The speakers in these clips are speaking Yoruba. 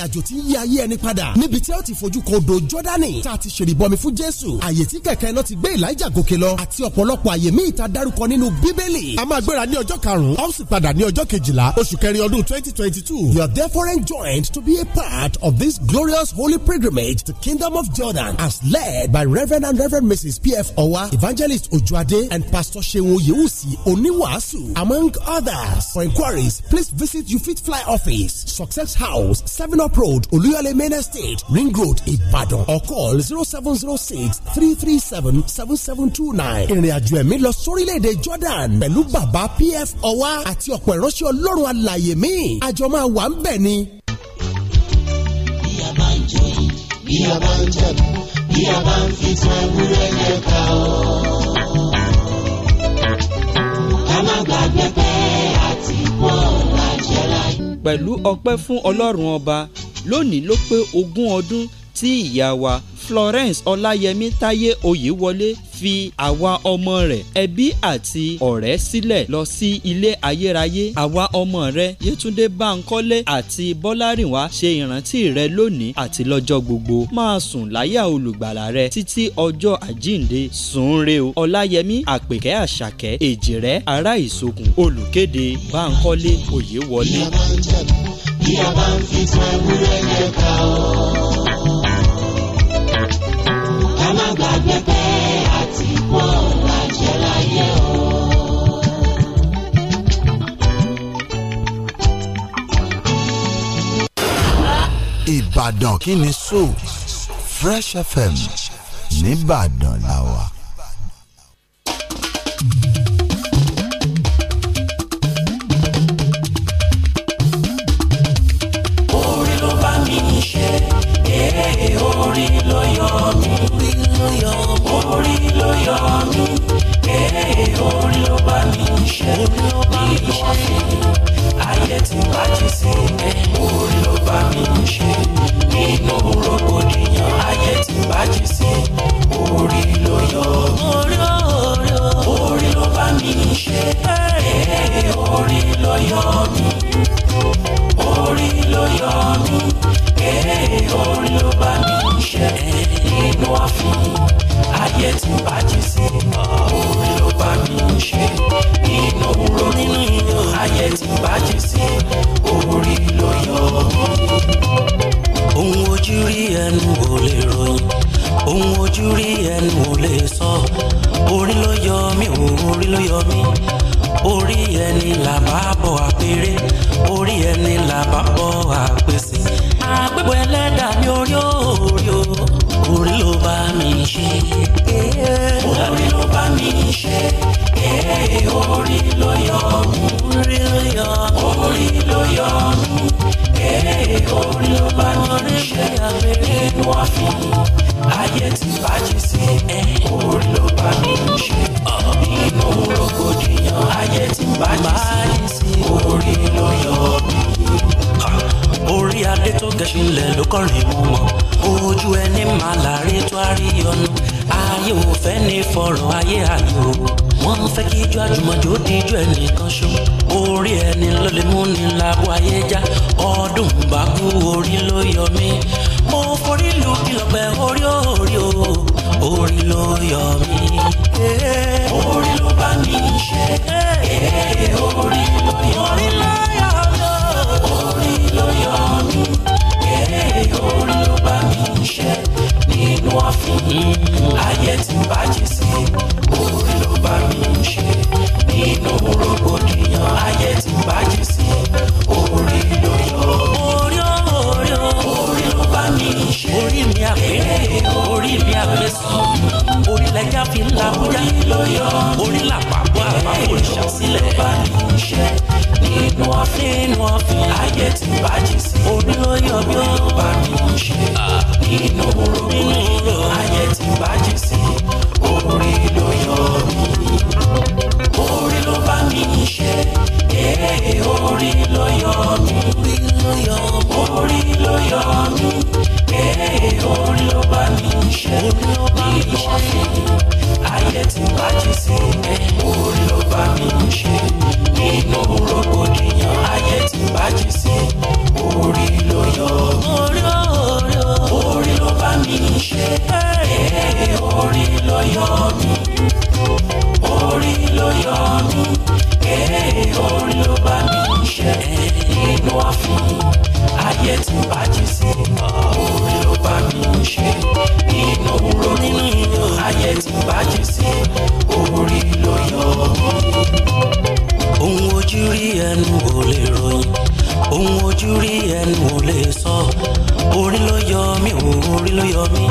àjò tí yí ayé ẹni padà níbi tí ó ti fojú kan odò jọ́dánì tá a ti ṣèrìbọmi fún jésù àyè tí kẹ̀kẹ́ náà ti gbé ìlàjà gòkè lọ àti ọ̀pọ̀lọpọ̀ àyè míì ta dárúkọ nínú bíbélì. a máa gbéra ní ọjọ́ karùn-ún a ó sì padà ní ọjọ́ kejìlá oṣù kẹrin ọdún twenty twenty two. you are therefore enjoined to be a part of this glorious holy pilgrimage to kingdom of jordan as led by reverend and reverend mrs pf owa evangelist ojuade and pastor seun oyewusi oníwàásù among others for inquiries please visit you fit fly office success house seven up oh Top Road, Oluyale Main Estate, Ring Road, Ibadan or call 0706 337 7729. Ìrìnàjò ẹ̀mí lọ sórílẹ̀-èdè Jordan pẹ̀lú bàbá PF Ọwá àti ọ̀pọ̀ ìránṣẹ́ Ọlọ́run alàyè mi. Àjọ máa wà ń bẹ̀ ni. Bí a bá ń jọyìn, bí a bá ń jẹ̀bú, a bá ń fi tán ewúrẹ́ pẹ̀lú ọpẹ́ fún ọlọ́run ọba lónìí ló pé ogún ọdún tí ìyá wa Florence Ọláyẹmí Táyé Oyèwọlé fi àwa ọmọ rẹ̀ ẹbí àti ọ̀rẹ́ sílẹ̀ lọ sí ilé ayérayé àwa ọmọ rẹ̀ Yétúndé Báńkọ́lé àti Bọ́lárìnwá ṣe ìrántí rẹ lónìí àti lọ́jọ́ gbogbo máa sùn láyà olùgbàlà rẹ títí ọjọ́ àjíǹde sùn re o Ọláyẹmí Àpèkẹ́ Àṣàkẹ́ Èjìrẹ́ ará Ìsokùn olùkéde Báńkọ́lé Oyèwọlé. bí a bá ń fi tún ewúrẹ́ yẹ ká ọ́ ká má gbàgbé pé Ìbàdàn kí ni sọ Fresh FM nìbàdàn làwà. ló yọ mí mo forí lu ìlọ̀pẹ̀ orí orí o orí ló yọ mí. orí ló bá mi ṣe orí ló yọ mí orí ló yọ mí orí ló bá mi ṣe nínú ọ̀fìn ayé ti ń bàjẹ́ sí orí ló bá mi ṣe nínú rògbòdìyàn ayé ti ń bàjẹ́ sí. lẹ́jà fi ń làbújá orí làpapọ̀ àpapọ̀ ìṣàsílẹ̀ bá ní kò ṣe nínú ọ̀fìn nínú ọ̀fìn ayé ti bàjẹ́ sí orí ló yọ bí ó bá ní kò ṣe nínú orogún ayé ti bàjẹ́ sí. orí ló yọ mí. orí ló yọ mí. orí ló yọ mí. ee orí ló bá mi ṣe. orí ló bá mi ṣe. ayé ti bájú sí mi. orí ló bá mi ṣe. nínú rògbòdìyàn ayé ti bájú sí mi. orí ló yọ mí. orí orí orí ló bá mi ṣe. orí ló yọ mí. ayé ti bàjẹ́ sí mọ́ orí ló bá mi ń ṣe nínú rògbòdìyàn ayé ti bàjẹ́ sí orí ló yọ. ohun ojú rí ẹnu ò lè ròyìn ohun ojú rí ẹnu ò lè sọ orí ló yọ mí orí ló yọ mí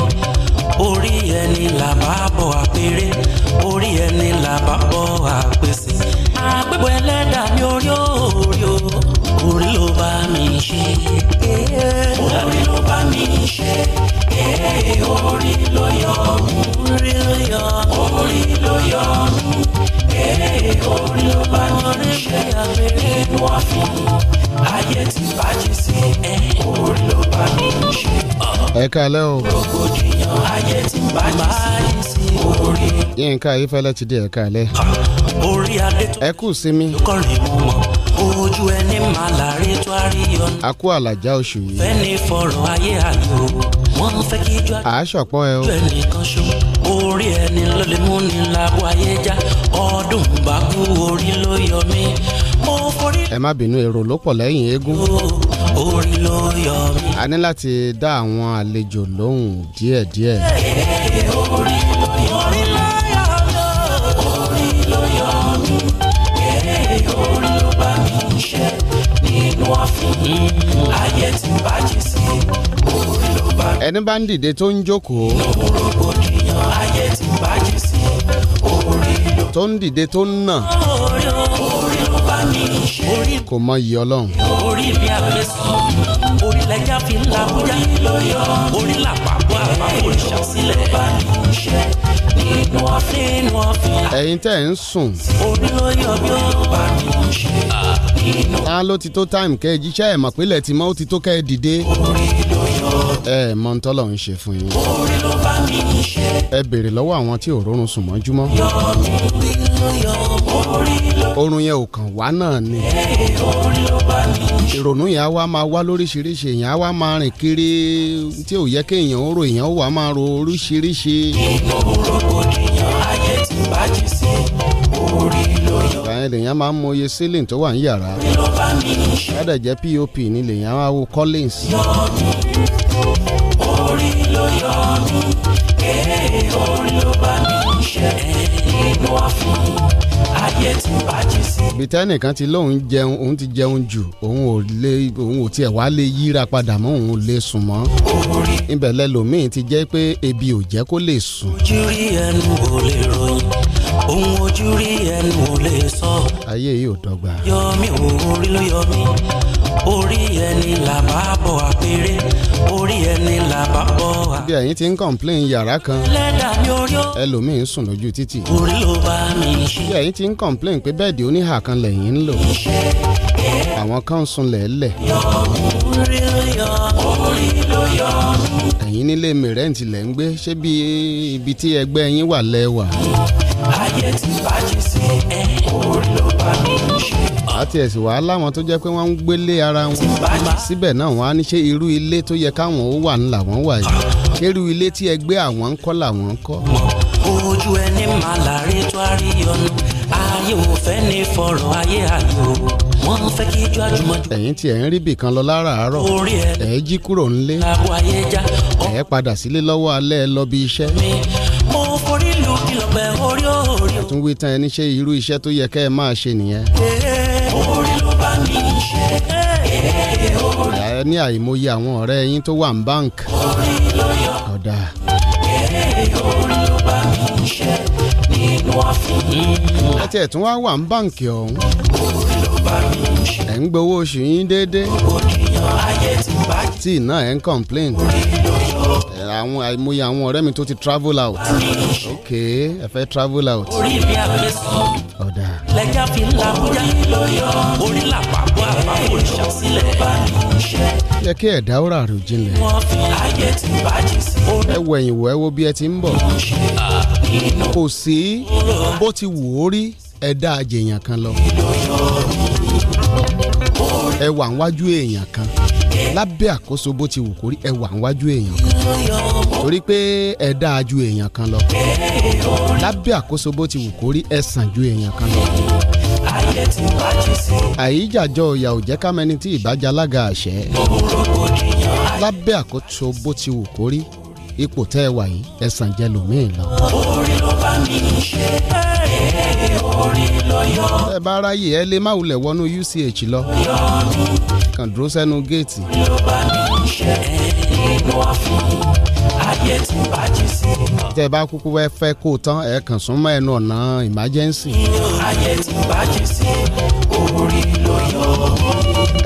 orí ẹni là bá bọ̀ àpèrè orí ẹni là bá bọ̀ àpèrè. mú wá fún ayé tí bàjẹ́ sí ẹ orí ló bá mi ṣe. ẹ kálẹ́ o. rògbòdìyàn ayé tí bàjẹ́ sí orí. yínká ayífẹ́lẹ́ ti di ẹ̀ kálẹ́. orí adé tó ẹ kù sí mi. ló kọrin ojú ẹni máa láre tó a rí ọ̀nà. a kú àlàjá oṣù yìí. fẹ́ni fọ̀rọ̀ ayé àlò wọ́n fẹ́ kí ijó àjọ àṣọpọ̀ ẹ o. ju ẹnìkan ṣo orí ẹni ló lè mú ni lágbo ayé já ọdún bá kú orí ló yọ mí ẹ má bínú èrò ló pọ̀ lẹ́yìn eégún. orí ló yọ mí. a ní láti dá àwọn àlejò lóhùn díẹ̀díẹ̀. orí ló yọ mí. ẹni bá ń dìde tó ń jókòó. tó ń dìde tó ń nà kò mọ iyì ọlọ́run. orí mi àgbẹ̀ orí lẹ́jà fi ń la bóyá orí làpapọ̀ àpapọ̀ ìṣàsílẹ̀ bá ní iṣẹ́ nínú ọ̀fìn nínú ọ̀fìn. ẹ̀yin tẹ́ ń sùn. orí ló yọ bí ó bá ní iṣẹ́ ta ló ti tó táìmù kẹ́ ẹ jíṣẹ́ ẹ̀ mọ̀ pé mọ́ ó ti tó kẹ́ ẹ dìde. orí ẹ mọ ń tọ́lọ̀ ń ṣe fún yín. orí ló bá mi ní ṣe. ẹ béèrè lọ́wọ́ àwọn tí ò rórun sùn mọ́júmọ́. yọ̀rọ̀ mi bí lóyọ̀ orí ló. oorun yẹn ò kàn wá náà ni. orí ló bá mi ṣe. ìrònú yẹn á wá máa wá lóríṣiríṣi èèyàn á wá máa rìn kiri tí ò yẹ kéèyàn ó ro èèyàn ó wá máa ro oríṣiríṣi. inú rògbòdìyàn ayé ti bájì sí orí ló yẹn lèèyàn máa ń mọ iye ceiling tó wà ní yàrá yàrá jẹ́ pop ni lèèyàn máa wo collins. orí ló yọ mí orí ló bá mi ṣe inú àfún ayé ti bàjẹ́ sí. bìtẹ́nì kan ti lóun jẹun òun ti jẹun jù òun ò lè òun ò tiẹ̀ wá lè yíra padà mọ́ òun lè sùn mọ́. ibẹ̀ lẹ́lòmíì ti jẹ́ pé ebi ò jẹ́ kó lè sùn. ojú rí ẹnu ò lè ròyìn ohun ojú rí ẹnu ò lè sọ. ayé yìí ò dọ́gba. yọ mi òun rí ló yọ mi orí ẹni làbá bọ̀ àpèrè orí ẹni làbá bọ̀ à. bí ẹ̀yin ti ń kọ̀ǹpléìn yàrá kan ẹlòmíín sùn lójú títì. orí ló bá mi ṣe. bí ẹ̀yin ti ń kọ̀ǹpléìn pé bẹ́ẹ̀dì oníhà kan lẹ́yìn ń lò. àwọn kan sùn lẹ́ẹ̀lẹ̀. orí ló yọ orí ẹ̀yin nílé mìrẹ́ǹtì lẹ́ ń gbé ṣé bí ibi tí ẹgbẹ́ yín wà lẹ́wà. ayé ti bàjẹ́ sí ẹ orí ló bá mi ṣe àti ẹ̀sìn wàhálà wọn tó jẹ́ pé wọ́n ń gbélé ara wọn síbẹ̀ náà wọ́n á ní ṣe irú ilé tó yẹ káwọn ó wà ńlá wọn wà yìí ṣerú ilé tí ẹgbẹ́ àwọn ń kọ́ làwọn ń kọ́. ojú ẹni máa láre tó a rí ọ̀nà ayé ò fẹ́ ní fọ̀rọ̀ ayé àlò wọ́n fẹ́ kí ijó àjùmọ̀jù. ẹ̀yin tí ẹ̀ ń rí bìkan lọ láràárọ̀ ẹ̀ jí kúrò ńlé ẹ̀ padà sílé lọ́wọ́ alẹ́ lọ bí iṣẹ́. mo forí lu kìlọ̀pẹ̀ orí òòrì. ẹ̀ tún wí tán ṣe irú iṣẹ́ tó yẹ kẹ́ ẹ máa ṣe nìyẹn ẹ ní àìmọye àwọn ọ̀rẹ́ yín tó wà ní báǹkì. ọ̀dà. ẹ tiẹ̀ tún wá wà ní báǹkì ọ̀hún ẹ̀ ń gbowó oṣù yín déédéé tí iná ẹ̀ ń complain àwọn àìmọye àwọn ọ̀rẹ́ mi tó ti travel out ok ẹ fẹ́ travel out. ọ̀dà. lẹ́jà fi ń labujà orí làpapọ̀ àpapọ̀ ìṣàsílẹ̀ bá ní iṣẹ́. yẹ kí ẹ̀dá ó rà jinlẹ̀. wọ́n fi ayé ti bájì sí. ẹ wẹ̀yìn wọ̀ ẹ wo bí ẹ ti ń bọ̀. kò sí bó ti wù ó rí ẹ̀dá àjèyàn kan lọ. Ewa níwájú èèyàn kan lábẹ́ àkóso bó ti wù kórí ẹwà níwájú èèyàn kan torí pé ẹ dáa ju èèyàn kan lọ lábẹ́ àkóso bó ti wù kórí ẹ sàn ju èèyàn kan lọ. àyíjàjọ ìyà ò jẹ́ kameni tí ìbájá alága àṣẹ lábẹ́ àkóso bó ti wù kórí ipò tẹ́ ẹ wà yìí ẹ sàn jẹ lòmíì lọ. orí ló bá mi ṣe é. ẹ bá ráyè ẹ lè má wulẹ̀ wọnú UCH lọ kàn dúró sẹ́nu géètì. tẹ bá kúkú wẹ fẹ́ kó tán ẹ kàn súnmọ́ ẹnu ọ̀nà emergency.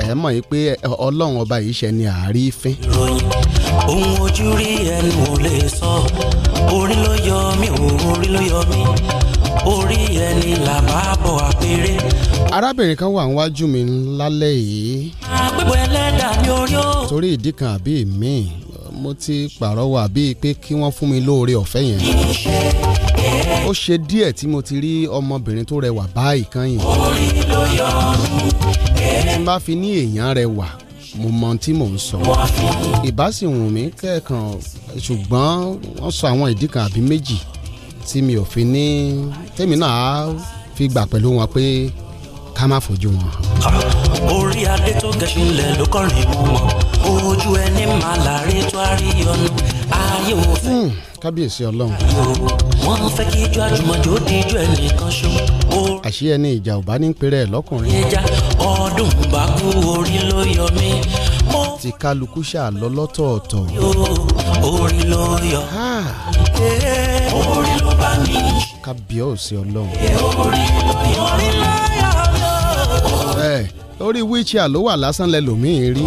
ẹ mọ̀ yìí pé ọlọ́run ọba yìí ṣe ni àárí fín. ohun ojú rí ẹnu ò lè sọ orí ló yọ mí orí ló yọ mí orí ẹni là bá bọ̀ àpèrè. arábìnrin kan wà níwájú mi lálẹ́ yìí. àpẹ̀wẹ̀ ẹlẹ́dà ni orí ó. torí ìdí kan àbí mi mo ti pàrọwà bíi pé kí wọ́n fún mi lóore ọ̀fẹ́ yẹn. ó ṣe díẹ̀ tí mo ti rí ọmọbìnrin tó rẹwà báyìí kan yìí. orí ló yọ tí n bá fi ní èèyàn rẹwà mo mọ tí mò ń sọ ìbá sì wù mí kẹ́ẹ̀kan ṣùgbọ́n wọ́n sọ àwọn ìdí kan àbí méjì tí mi ò fi ní tèmi náà fi gbà pẹ̀lú wọn pé ká má fojú wọn. orí adé tó gẹṣin lẹ ló kọrin mú ojú ẹni máa láre tó a rí ọnu ayé wo fẹ́. Hmm, kábíyèsí ọlọ́run. wọ́n fẹ́ kí ijó àjùmọ̀jò díjú ẹnìkan ṣó. àṣé ẹni ìjà ò bá ní pẹ́rẹ́ ẹ̀ lọ́kùnrin. ìjà ọdún bá kú orí ló yọ mí. ti kálukú ṣàlọ́ lọ́tọ̀ọ̀tọ̀. orí ló yọ. Ah. Eh, orí bá mi. kábíyèsí ọlọ́run. ẹ orí wheelchair ló wà lásán lẹ lòmíì rí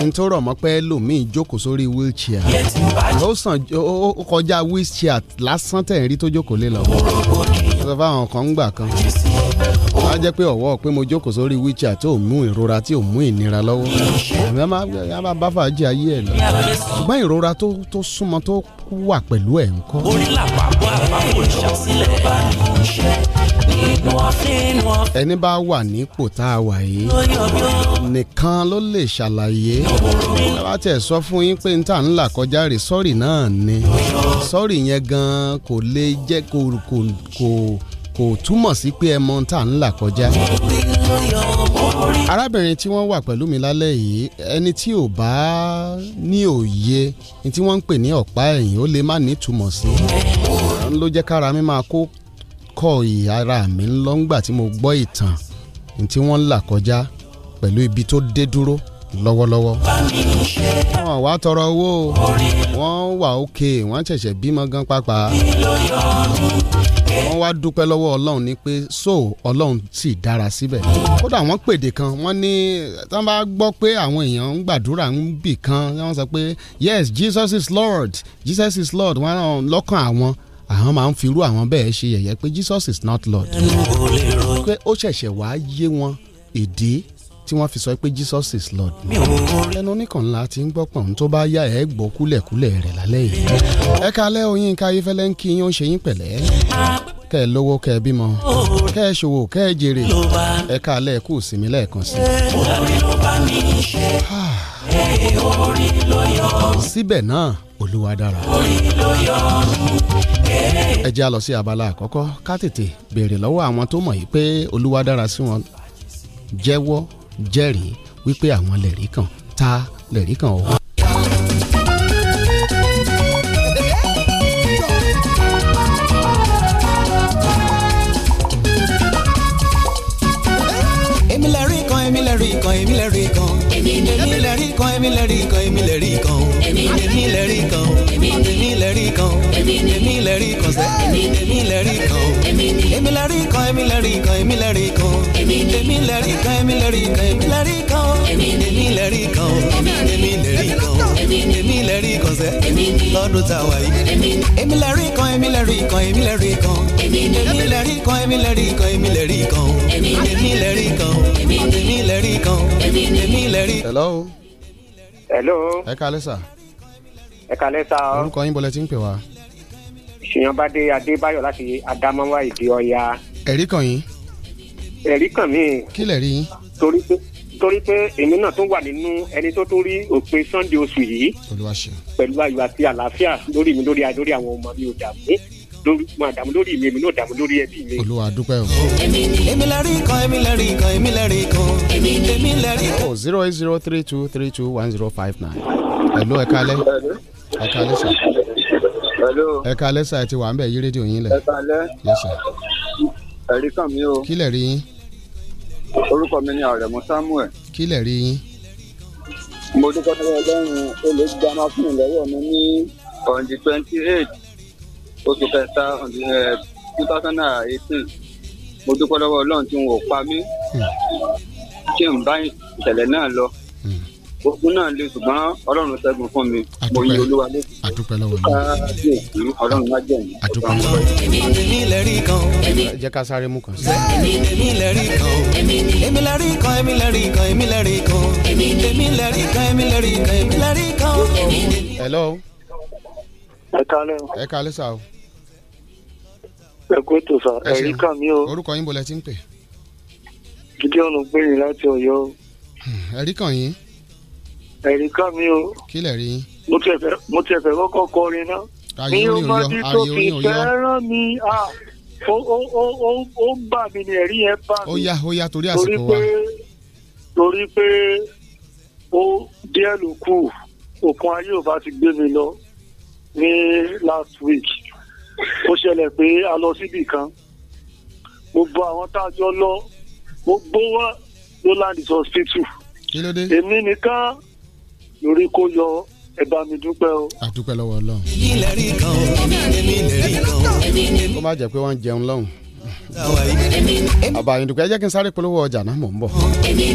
ẹni tó rọ̀ mọ́ pé lòmíì jókòó sórí wheelchair ó sàn ó kọjá wheelchair lásán tẹ̀ ń rí tó jókòó lé lọ sọ fáwọn kan ń gbà kan wọ́n á jẹ́ pé ọ̀wọ́ pé mo jókòó sórí wheelchair tí ò mú ìrora tí ò mú ìnira lọ́wọ́ àmì á máa bá ayé ẹ̀ lọ ṣùgbọ́n ìrora tó súnmọ́ tó wà pẹ̀lú ẹ̀ ń kọ́. ẹni bá wà nípò tá a wà yìí nìkan ló lè ṣàlàyé bá tẹ̀ sọ fún yín pé n tà ń là kọjá rè sọ́ọ̀rì náà ni sọ́ọ̀rì yẹn gan kò lè jẹ́ kò kò kò kò túmọ̀ sí pé ẹ mọ ohun tá à ń là kọjá. arábìnrin tí wọ́n wà pẹ̀lú mi lálẹ́ yìí ẹni tí ò bá ní òye ni tí wọ́n ń pè ní ọ̀pá ẹ̀yìn ó lè má nítumọ̀ sí ló jẹ́ kára mi máa kó kọ́ ìyára mi lọ́ngbà tí mo gbọ́ ìtàn ní tí wọ́n ń là kọjá pẹ̀lú ibi tó dé dúró lọ́wọ́lọ́wọ́. wọ́n wá tọrọ owó wọ́n wà òkè wọ́n ṣẹ̀ṣẹ̀ bímọ gan pápá wọ́n wá dúpẹ́ lọ́wọ́ ọlọ́run ní pé so ọlọ́run sì dára síbẹ̀ kódà wọ́n pèdè kan wọ́n ní wọ́n bá gbọ́ pé àwọn èèyàn ń gbàdúrà ń bì kan wọ́n sọ pé yes Jesus is Lord Jesus is Lord wọ́n rán lọ́kàn àwọn àwọn máa ń firú àwọn bẹ́ẹ̀ ṣe yẹ̀yẹ́ pé Jesus is not Lord pé ó ṣẹ̀ṣẹ̀ wá yé wọn ìdí tí wọ́n fi sọ pé Jesus is Lord. ẹnu oníkan ńlá ti ń gbọ́pọ̀ tó bá yá ẹ̀ gbọ́ kúlẹ̀kúlẹ̀ rẹ̀ lálẹ́ yìí. ẹ kalẹ́ oyin ká ayéfẹ́lẹ́ ń kí yín ó ń ṣe yín pẹ̀lẹ́ kẹ́ ẹ lówó kẹ́ ẹ bímọ kẹ́ ẹ ṣòwò kẹ́ ẹ jèrè ẹ kalẹ́ kú sinmi lẹ́ẹ̀kan sí síbẹ̀ náà olúwa dára. ẹ jẹ́ a sí abala àkọ́kọ́ ká tètè béèrè lọ́wọ́ àwọn tó mọ̀ yìí pé olúwa dára sí wọn jẹ́wọ́ jẹ́rìí wípé àwọn lẹ̀rí kan ta lẹ̀rí kan ọ̀hún. èmi lẹ̀rí kan èmi lẹ̀rí kan èmi lẹ̀rí kan èmi lẹ̀rí kan èmi lẹ̀rí kan èmi lẹ̀rí kan èmi lẹ̀rí kan èmi lẹ̀rí kan èmi lẹ̀rí kan sẹ́ èmi lẹ̀rí kan èmi lẹ̀rí kan èmi lẹ̀rí kan èmi lẹ̀rí lẹ́rí kan èmi lẹ́rí kan èmi lẹ́rí kan èmi lẹ́rí kan èmi lẹ́rí kan sẹ́ lọ́dún tá a wà yìí. èmi lẹ́rí kan èmi lẹ́rí kan èmi lẹ́rí kan èmi lẹ́rí kan èmi lẹ́rí kan èmi lẹ́rí kan èmi lẹ́rí kan èmi lẹ́rí kan èmi lẹ́rí. hello. hello. ẹ kalẹ́ sà. ẹ kalẹ́ sà. orúkọ yín bọ́lẹ̀ tí ń pè wá. ṣèyànbádé adébáyọ̀ láti adamawa ìdí ọya. ẹ̀rí kan yín. ẹ̀rí kan mi. kí lẹ̀ rí yín torí pé torí pé èmi náà tún wà nínú ẹni tó tún rí òpin sunday oṣù yìí pẹ̀lú ayọ̀ àti àlàáfíà lórí mi lórí lórí àwọn ọmọ mi ò dààmú lórí mo àdàmú lórí mi èmi náà dààmú lórí ẹbí mi. olúwa dúpẹ́ o. èmi lẹ́rìí kan èmi lẹ́rìí kan èmi lẹ́rìí kan èmi lẹ́rìí kan. Oh, zero eight zero three two three two one zero five nine. ẹ̀lú ẹ kálẹ́ ẹ kálẹ́ sà. ẹ kálẹ́ sà ẹ ti wà ń bẹ̀ yí rédíò yín lẹ̀. ẹ kálẹ́ ẹ̀rí kan mi o. kílẹ̀ rí yín orúkọ mi ni àrẹ̀mú samuel. kí lè rí yín. mo dúpẹ́ lọ́wọ́ ọlọ́run olùdáná fún ìlọ́wọ́ mi ní on twenty eight oṣù kẹta eh, two thousand and eighteen mo dúpẹ́ lọ́wọ́ ọlọ́run tí n ò pa mí hmm. tí n bá ìṣẹ̀lẹ̀ náà lọ ogun náà le ṣùgbọ́n ọlọ́run ṣẹ́gun fún mi mo yin olúwa lẹ́sìn. àdúpẹ́ lọ́wọ́ mi ọlọ́run má jẹ́ àdúpẹ́ lọ́wọ́ mi. jẹ́ ká sáré mú kan sí. èmi lẹ́rí kan èmi lẹ́rí kan èmi lẹ́rí kan èmi lẹ́rí kan èmi lẹ́rí kan èmi lẹ́rí kan èmi lẹ́rí kan. hello. ẹ kálẹ́ o. ẹ kálẹ́ sá o. ẹ kó ètò sá ẹ̀rí kà mí o. orúkọ yín bọ̀lẹ̀ tí ń pè. gidi ọ̀nà gbẹ̀yìn láti ọ̀yọ́. Hmm, ẹ̀rí kan yín ẹ̀rí kan mi o. kí lè rí. mo ti ẹ̀fẹ̀ kọ́kọ́ kọrin náà. mi ò mọ bí tó fi fẹ́ràn mi ó ń bà mí ni ẹ̀rí yẹn bà mí. ó yá ó yá torí àsìkò wa. torí pé ó díẹ̀ ló kù òkun ayé ò bá ti gbé mi lọ ní last week ó ṣẹlẹ̀ pé a lọ síbì kan gbogbo àwọn tá a jọ lọ gbogbo wa ló láǹdì hospital èmi nìkan yorí kó yọ ẹ bá mi dúpẹ́ o. a dúpẹ́ lọ́wọ́ ọlọ́run. èmi lè rí kan o èmi lè rí kan o. kó má jẹ́ pé wọ́n ń jẹun lọ́hùn. àbá àyìndùkú ẹ jẹ́ kí n sáré polówó ọjà náà mò ń bọ̀.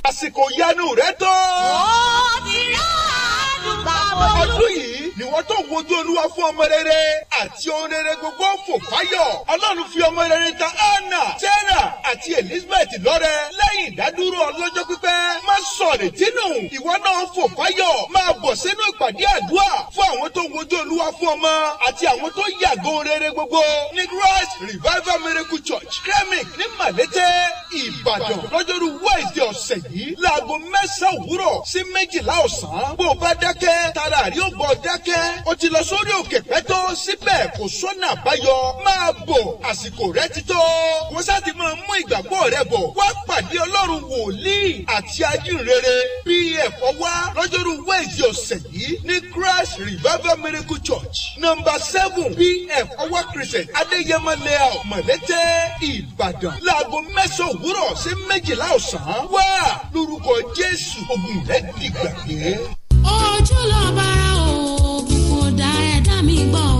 àsìkò yanu rẹ tó. ó ti rà á dùn bá wọn. ọdún yìí ni wọ́n tó wojú olúwa fún ọmọ rere àti ohun rere gbogbo fò fáyọ̀. ọlọ́run fi ọmọ rere ta anna sarah àti elizabeth lọ́rẹ lẹ́yìn ìdádúró ọlọ́jọ́ pípẹ́. má sọ retí nù ìwọ náà fò fáyọ̀ máa bọ̀ sínú ìpàdé àdúrà fún àwọn tó ń wojú olúwa fún ọmọ àti àwọn tó yàgò rere gbogbo ní christ revival miracle church kremik ní malete ìbàdàn lọ́jọ́rú wẹ́ẹ̀dẹ̀ ọ̀sẹ̀ yìí láago mẹ́sàn-án òwúrọ̀ sí méjìlá ọ̀sán bó o bá dákẹ́ tara àrí ò bọ̀ dákẹ́ bẹ́ẹ̀ kò sọ́nà àbáyọ máa bọ̀ àsìkò rẹ ti tó. kò sá ti máa mú ìgbàgbọ́ rẹ bọ̀ wá pàdé ọlọ́run wòlíì àti ajínrere bí ẹ̀kọ́ wá lọ́jọ́rú wẹ́ẹ̀sì ọ̀sẹ̀ yìí ní Christ Revival Miracle Church number seven bí ẹ̀kọ́ wá Christian Adéyẹmọ layout Mọ̀lẹ́tẹ̀ Ìbàdàn láago mẹ́sàn-án òwúrọ̀ sí méjìlá ọ̀sán wá lórúkọ Jésù ogun rẹ dìgbà dé. ojúlọ bára òògùn kò dá ẹ̀dá mi gbọ́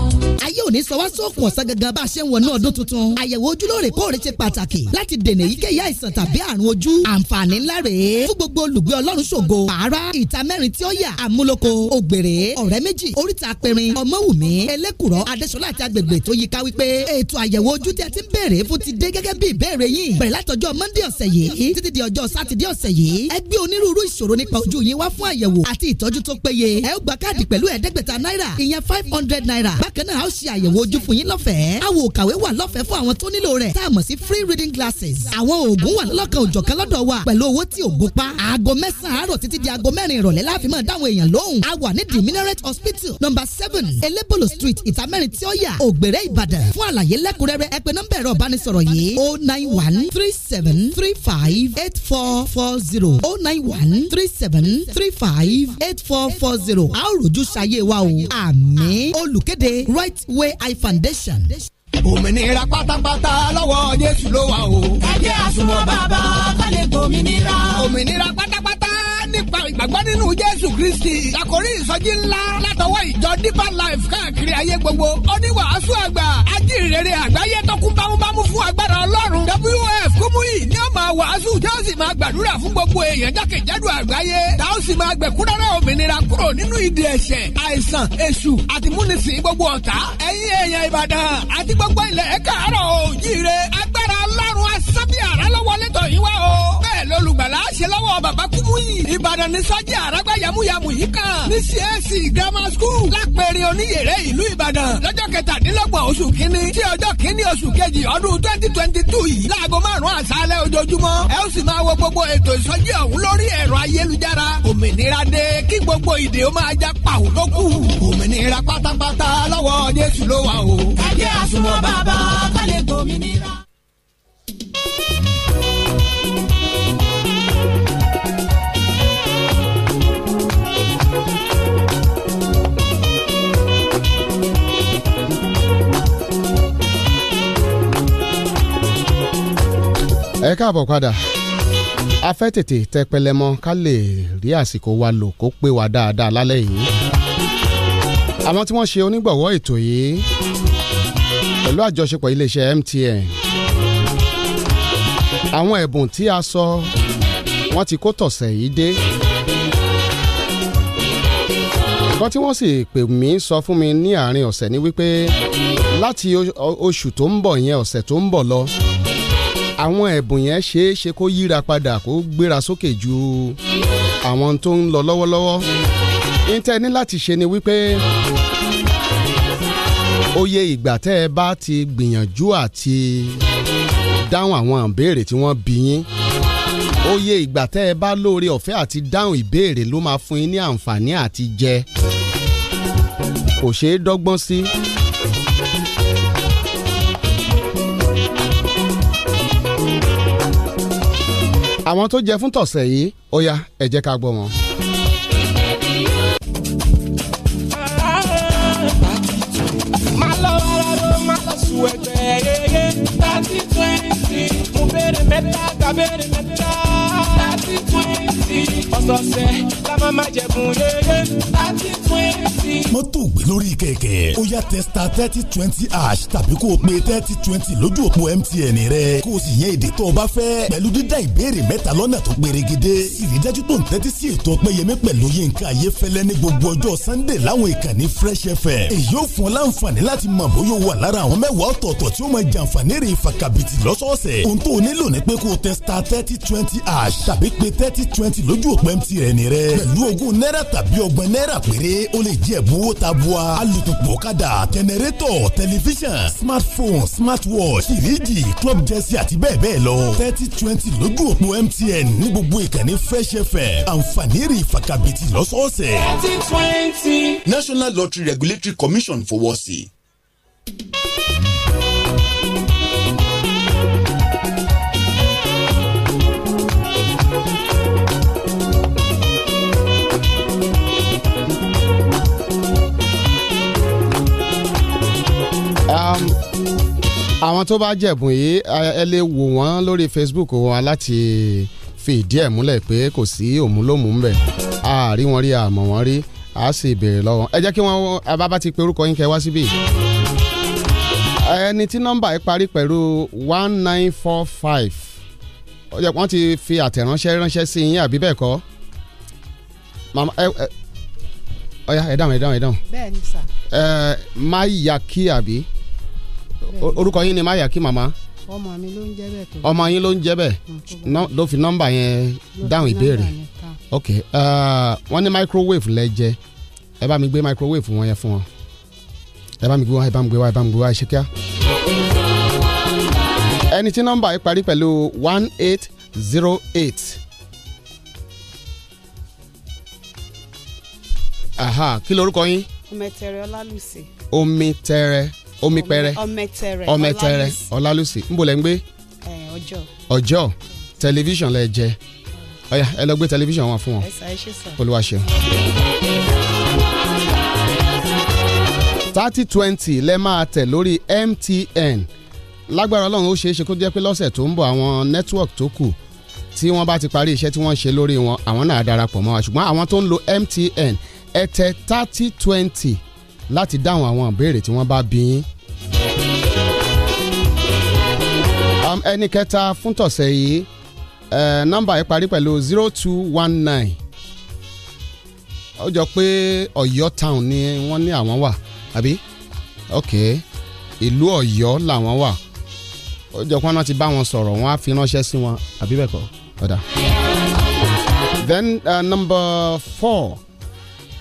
ayé ò ní sọ wá sóòkùn ọ̀sán gangan bá a ṣe ń wọnú ọdún tuntun àyẹ̀wò ojú lóòrèkóòrè ṣe pàtàkì láti dènà èyíkéyìí àìsàn tàbí àrùn ojú àǹfààní ńlá rèé fún gbogbo olùgbé ọlọ́run ṣògo pààrà ìta mẹ́rin tí ó yà àmúlòkọ ògbèrè ọ̀rẹ́ méjì oríta apẹ̀rin ọmọwùmí ẹlẹ́kùrọ́ adéṣọlá àti agbègbè tó yíká wípé ètò àyẹ̀wò ojú tí a ti ń béèrè fún ti dé gẹ́gẹ́ bí ìbéèrè yín bẹ̀rẹ̀ látọjọ́ mọ́ndé ọ̀sẹ̀ yìí títí di ọjọ́ sátidé ọ̀sẹ̀ yìí ẹ onírúurú ìṣòro nípa ojú yín wá fún àyẹ̀wò àti ìtọ́jú tó péye ẹ ó gba káàdì pẹ̀lú ẹ̀ẹ́dẹ́gbẹ̀ta náírà ìyẹn five hundred naira bákan náà ṣe àyẹ̀wò ojú fún yín lọ́fẹ̀ẹ́ awòkàwé wà lọ́fẹ̀ẹ́ fún àwọn tó nílò rẹ̀ tá a mọ̀ sí free reading glasses àwọn oògùn wà lọ́kàn òjọ̀kan lọ́dọ̀ wa pẹ̀lú owó tí ò gunpá aago mẹ́sàn-án àárọ̀ títí di aago mẹ́rin ìrọ̀lẹ́ láàfin máa dáhùn èèyàn lóhùn a wà ní the minaret hospital number seven elébòlò street ìtàmẹ́rin tí ó yà ògbèrè ìbàdàn fún àlàyé lẹ́kùnrẹ́rẹ́ a ó rojú sáyé wa o àmín olùkéde right Faith Way Eye Foundation. Òmìnira pátápátá lọ́wọ́ Jésù ló wà o. Ẹ àsùnwọ̀n bàbá ká lè Òmìnira pátápátá nípa ìgbàgbọ́ nínú Jésù Kristi. Àkòrí ìsọjí ńlá látọwọ́ ìjọ Deeper Life káàkiri ayé gbogbo. Oníwàásù àgbà ajínrere àgbáyé tó bámúbámú fún agbára Ọlọ́run. WL àgúnmú yìí ni a máa wàásù tí a sì máa gbàdúrà fún gbogbo èèyàn jákèjádò àgbáyé tá a sì máa gbẹ̀kúrẹ́rẹ́ òmìnira kúrò nínú ìdè ẹ̀ṣẹ̀ àìsàn èṣù àti múnisìn gbogbo ọ̀tá ẹ̀yin èèyàn Ìbàdàn àti gbogbo ilẹ̀ káàárọ̀ oòjíire agbára alárun asábíàrá lọ́wọ́ yín wá o bẹ́ẹ̀ lọ́lùgbàlà ṣe lọ́wọ́ bàbá kúmúyì ìbàdàn ní sọ́jà àràgbà yamuyamu yìí kan ní csc grammar school lápẹ̀rẹ̀ oníyèrè ìlú ìbàdàn lọ́jọ́ kẹtàdínlọ́gbọ̀n oṣù kínní tí ọjọ́ kínní oṣù kejì ọdún twenty twenty two yìí láago márùn-ún àṣálẹ́ ojoojúmọ́ ẹ ó sì máa wo gbogbo ètò ìsọjí ọ̀hún lórí ẹ̀rọ ayélujára òmìnira dé kí gbogbo ìdè ó máa já pàwó lókù òmìnira pátápátá lọ́wọ́ Jésù ló wà o. ká jẹ́ àsùnwọ̀n bàbá ká lè gbòmìnira. ẹ káàbọ̀ padà a fẹ́ tètè tẹ pẹlẹmọ ká lè rí àsìkò wa lò kó pé wa dáadáa lálẹ́ yìí àwọn tí wọ́n ṣe onígbọ̀wọ́ ètò yìí pẹ̀lú àjọṣepọ̀ iléeṣẹ́ MTN àwọn ẹ̀bùn tí a sọ wọ́n ti kó tọ̀sẹ̀ yìí dé nǹkan tí wọ́n sì pè mí sọ fún mi ní àárín ọ̀sẹ̀ ni wípé láti oṣù tó ń bọ̀ yẹn ọ̀sẹ̀ tó ń bọ̀ lọ àwọn ẹ̀bùn yẹn ṣeé ṣe kó yíra padà kó gbéra sókè ju àwọn tó ń lọ lọ́wọ́lọ́wọ́ ní ní láti ṣe ni wípé oye ìgbà tẹ́ ẹ bá ti gbìyànjú àti dáhùn àwọn ìbéèrè tí wọ́n bí yín oye ìgbà tẹ́ ẹ bá lóore ọ̀fẹ́ àti dáhùn ìbéèrè ló máa fún yín ní àǹfààní àti jẹ kò ṣeé dọ́gbọ́n sí. Si àwọn tó jẹ fún tọ̀sẹ̀ yìí ó yá ẹ jẹ́ ká gbọ́ wọn. Thirty twenty, mo bèrè mẹ́ta, ká bèrè mẹ́ta. Thirty twenty, ọ̀sọ̀ọ̀sẹ̀ la máa ma jẹ̀bùn yeye. Thirty twenty. mọ́tò gbé lórí kẹ̀kẹ́ ó yá testa thirty twenty ash tàbí kó o pe thirty twenty lójú òpó mtn rẹ kó o sì yẹn èdè tó o bá fẹ́ pẹ̀lú dídá ìbéèrè mẹ́ta lọ́nà tó pérégedé ìrídájú tó ń tẹ́tí sí ètò ọpẹ́yẹmí pẹ̀lú yínká ayéfẹ́lẹ́ ní gbogbo ọjọ́ sunday láwọn ìkànnì fresh fm èyí ó fún ọ láǹfààní láti mọ bóyá o wà lára àwọn mẹ́wàá ọ̀tọ̀ọ̀tọ̀ tí ó máa jàǹfààní rè fàkàbìtì lọ́sọ̀ọ̀sẹ̀ ohun testa thirty twenty ash tàbí pe thirty twenty lójú òpó mtn rẹ pẹ̀lú ogún náírà tàbí ọgbọ̀n náírà péré ó alùpùpù ọ̀kadà jẹnẹrétọ̀ tẹlifíṣàn smartphone smartwatch fìríjì club jẹ́sí àti bẹ́ẹ̀ bẹ́ẹ̀ lọ thirty twenty lójú òpó MTN ní gbogbo ìkànnì fresh fm àǹfààní rí ìfakabìtì lọ́sọ̀ọ̀sẹ̀. thirty twenty. National Lottery Regulatory Commission fowọ́ sí i. àwọn tó bá jẹ̀bùn yìí ẹ lè wò wọ́n lórí Facebook wọn láti fi ìdí ẹ̀ múlẹ̀ pé kò sí òmùlòmù ń bẹ̀ àárí wọn rí àmọ́ wọn rí a sì béèrè lọ́wọ́ ẹ jẹ́ kí wọ́n abábá ti pe orúkọ yín kẹ́ wá síbí ẹni tí nọ́mbà yìí parí pẹ̀lú one nine four five wọ́n ti fi àtẹ̀ránṣẹ́ ránṣẹ́ sí yín àbí bẹ́ẹ̀ kọ́ mama ẹ ẹ ọya ẹ dáhùn ẹ dáhùn ẹ dáhùn bẹ́ẹ̀ kí àbí orúkọ yín ni máyà kí màmá. ọmọ mi ló ń jẹ́ bẹ́ẹ̀ tó. ọmọ yín ló ń jẹ́ bẹ́ẹ̀ ló fi nọ́mbà yẹn dáhùn ìbéèrè ok uh, wọ́n ní microwave lẹ jẹ ẹ bá mi gbé microwave wọn yẹn fún wọn ẹ bá mi gbé wá ẹ bá mi gbé wá ẹ bá mi gbé wá ẹ ṣe kíá. ẹni tí nọ́mbà yìí parí pẹ̀lú one eight zero eight. aha kí lorúkọ yín. omi tẹrẹ ọlálùsì. omi tẹrẹ omi pẹrẹ ọmẹtẹrẹ ọmẹtẹrẹ ọlálùsì nbọlẹ ń gbé ọjọ́ ọjọ́ tẹlifíṣàn lẹ jẹ ọyà ẹ lọ gbé tẹlifíṣàn wọn fún wọn olúwa ṣeun. thirty twenty lẹ máa tẹ̀ lórí MTN lágbára ọlọ́run ó ṣeé ṣe kó jẹ́ pé lọ́sẹ̀ tó ń bọ̀ àwọn network tó kù tí wọ́n bá ti parí iṣẹ́ tí wọ́n ń ṣe lórí wọn àwọn náà darapọ̀ mọ́ wa ṣùgbọ́n àwọn tó ń lo MTN ẹ thirty twenty láti dáhùn àwọn ìbéèrè tí wọ́n bá bí yín. Um, ẹni kẹta fún tọ̀sẹ̀ yìí eh, nọ́mbà yìí parí pẹ̀lú zero two one nine ó jọ pé Ọ̀yọ́ town ni wọ́n ní àwọn wà àbí ok ìlú Ọ̀yọ́ làwọn wà ó jọ pé wọ́n ti bá wọn sọ̀rọ̀ wọ́n á fi ránṣẹ́ sí wọn àbí bẹ́ẹ̀ kọ́ ọ̀dà. then uh, number four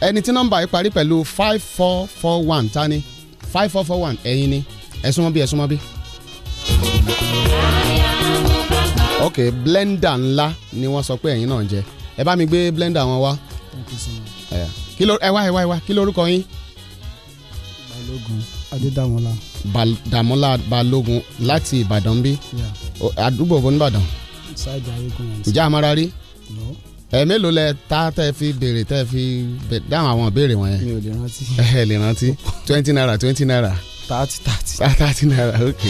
ẹni tí nọ́mbà yìí parí pẹ̀lú five four four one Tani five four four one ẹ̀yin ni ẹ súnmọ́ bí ẹ bí. ok blender ńlá ni wọ́n sọ pé ẹ̀yin náà ń ẹ bá mi gbé blender wọn wá kí ló ẹ wá ẹ wá ẹ wá kí lórúkọ yín. balógun adédàmọ́lá. dàmọ́lá balógun láti ìbàdàn bí àdúgbò bó ń bàdàn. ìsáàjà ayégun. ǹjẹ́ àmọ́ra No ẹ mélòó lẹ ta tẹ fi béèrè tẹ fi dáhùn àwọn béèrè wọn yẹn. mi ò lè rántí. ẹ lè rántí twenty naira twenty naira. thirty thirty. Ah, thirty naira ok.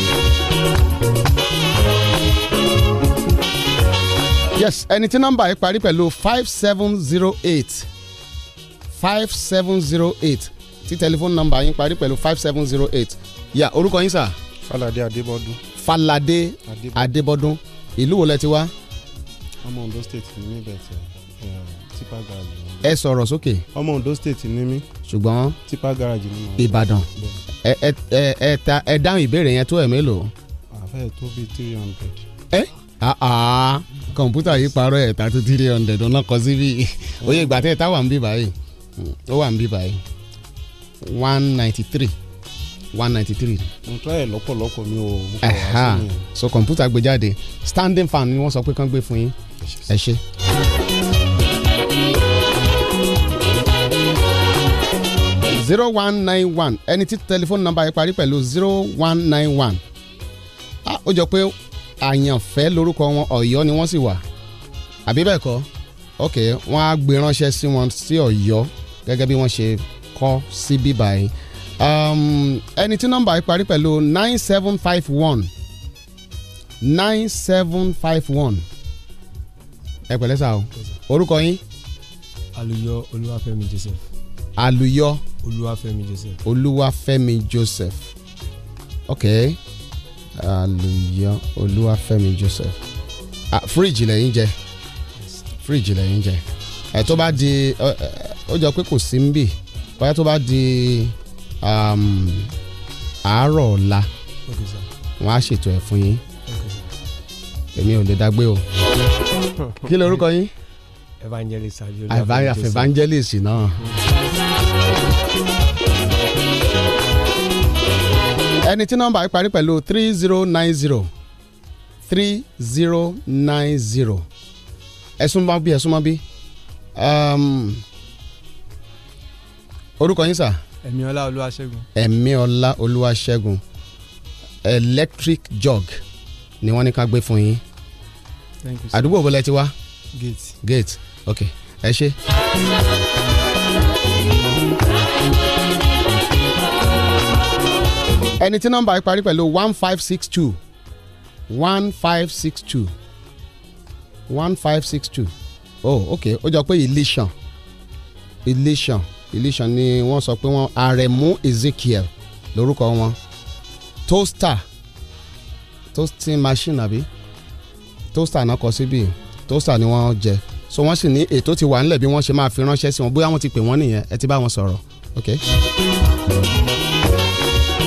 yes ẹni tí nọ́mbà yìí parí pẹ̀lú five seven zero eight five seven zero eight tí tẹlifóònù nọ́mbà yìí parí pẹ̀lú five seven zero eight yà orúkọ yín sà. Falade Adébọdún. Falade Adébọdún ìlú wo lẹ ti wá. ọmọ Ondo state ní ibẹ̀ tẹ̀ tipa garage. ẹ sọ̀rọ̀ sókè. ọmọ Ondo state ni mí. ṣùgbọ́n tipa garage ni mo. Ìbàdàn ẹ ẹ ẹ ta ẹ dáhùn ìbéèrè yẹn tó ẹ̀ mélòó. àfẹ́ tó bíi three hundred. ẹ àà kọ̀ǹpútà yìí parọ́ ẹ̀ ta tó three hundred ọ̀nà kọ sí bí oye ìgbà tẹ́ ẹ tá wà ń bí báyìí ó wà ń bí báyìí one ninety three one ninety three. mo tọ́ ẹ̀ lọ́pọ̀lọpọ̀ mi ò so kọ̀ǹpútà gbé jáde standing fan ni wọ́n sọ pé kán gbé fún yín ẹ ṣe. zero one nine one ẹni tí tẹlifóònù nọ́mbà yìí parí pẹ̀lú zero one nine one ó jọ pé àyànfẹ́ lórúkọ wọn ọ̀yọ́ ni wọ́n sì wà àbí bẹ́ẹ̀ kọ́ ok wọ́n á gbé ránṣẹ́ sí wọn sí ọ̀yọ́ gẹ́gẹ́ bí wọ́n ṣe kọ́ sí bíbá yìí um, ẹni tí nọ́mbà yìí parí pẹ̀lú nine seven five one nine seven five one ẹ pẹ̀lẹ́ sá o orúkọ yín. Alùyọ Olúwafẹ́mi Joseph. Alùyọ olúwàfẹ́mi joseph. olúwàfẹ́mi joseph ok àlùyọ olúwàfẹ́mi joseph ah fíríjì lẹ́yìn jẹ fíríjì lẹ́yìn jẹ ẹ̀ tó bá di ó jọ pé kò sí ń bì bóyá tó bá di um, àárọ̀ ọ̀la wọ́n á ṣètò ẹ̀ fún yín èmi ò lè dágbé o kí lorúkọ yín evangelist àfẹ̀vangelist náà. Mm-hmm. ẹni tí nọ́mbà yìí parí pẹ̀lú three zero nine zero three zero nine zero ẹ̀sùn mọ́ bí ẹ̀sùn mọ́ bí um, orúkọ yín sà. ẹ̀míọ́lá olúwaṣẹ́gun. ẹ̀míọ́lá olúwaṣẹ́gun electric jog ni wọ́n ní ká gbé fún yín. àdúgbò wo lẹ ti wá. gate. gate ok ẹ ṣe. ẹni tí nọ́mbà yìí parí pẹ̀lú one five six two one five six two one five six two oh ok ó jọ pé Ilésàn Ilésàn Ilésàn ni wọ́n sọ pé wọ́n Àrẹ̀mú Ezekiel lórúkọ wọn toaster toasting machine àbí toaster náà kọ síbí toaster ni wọ́n jẹ so wọ́n sì ní ètò ti wà nílẹ̀ bí wọ́n ṣe máa fi ránṣẹ́ sí wọn bóyá wọ́n ti pè wọ́n nìyẹn ẹ ti bá wọn sọ̀rọ̀ ok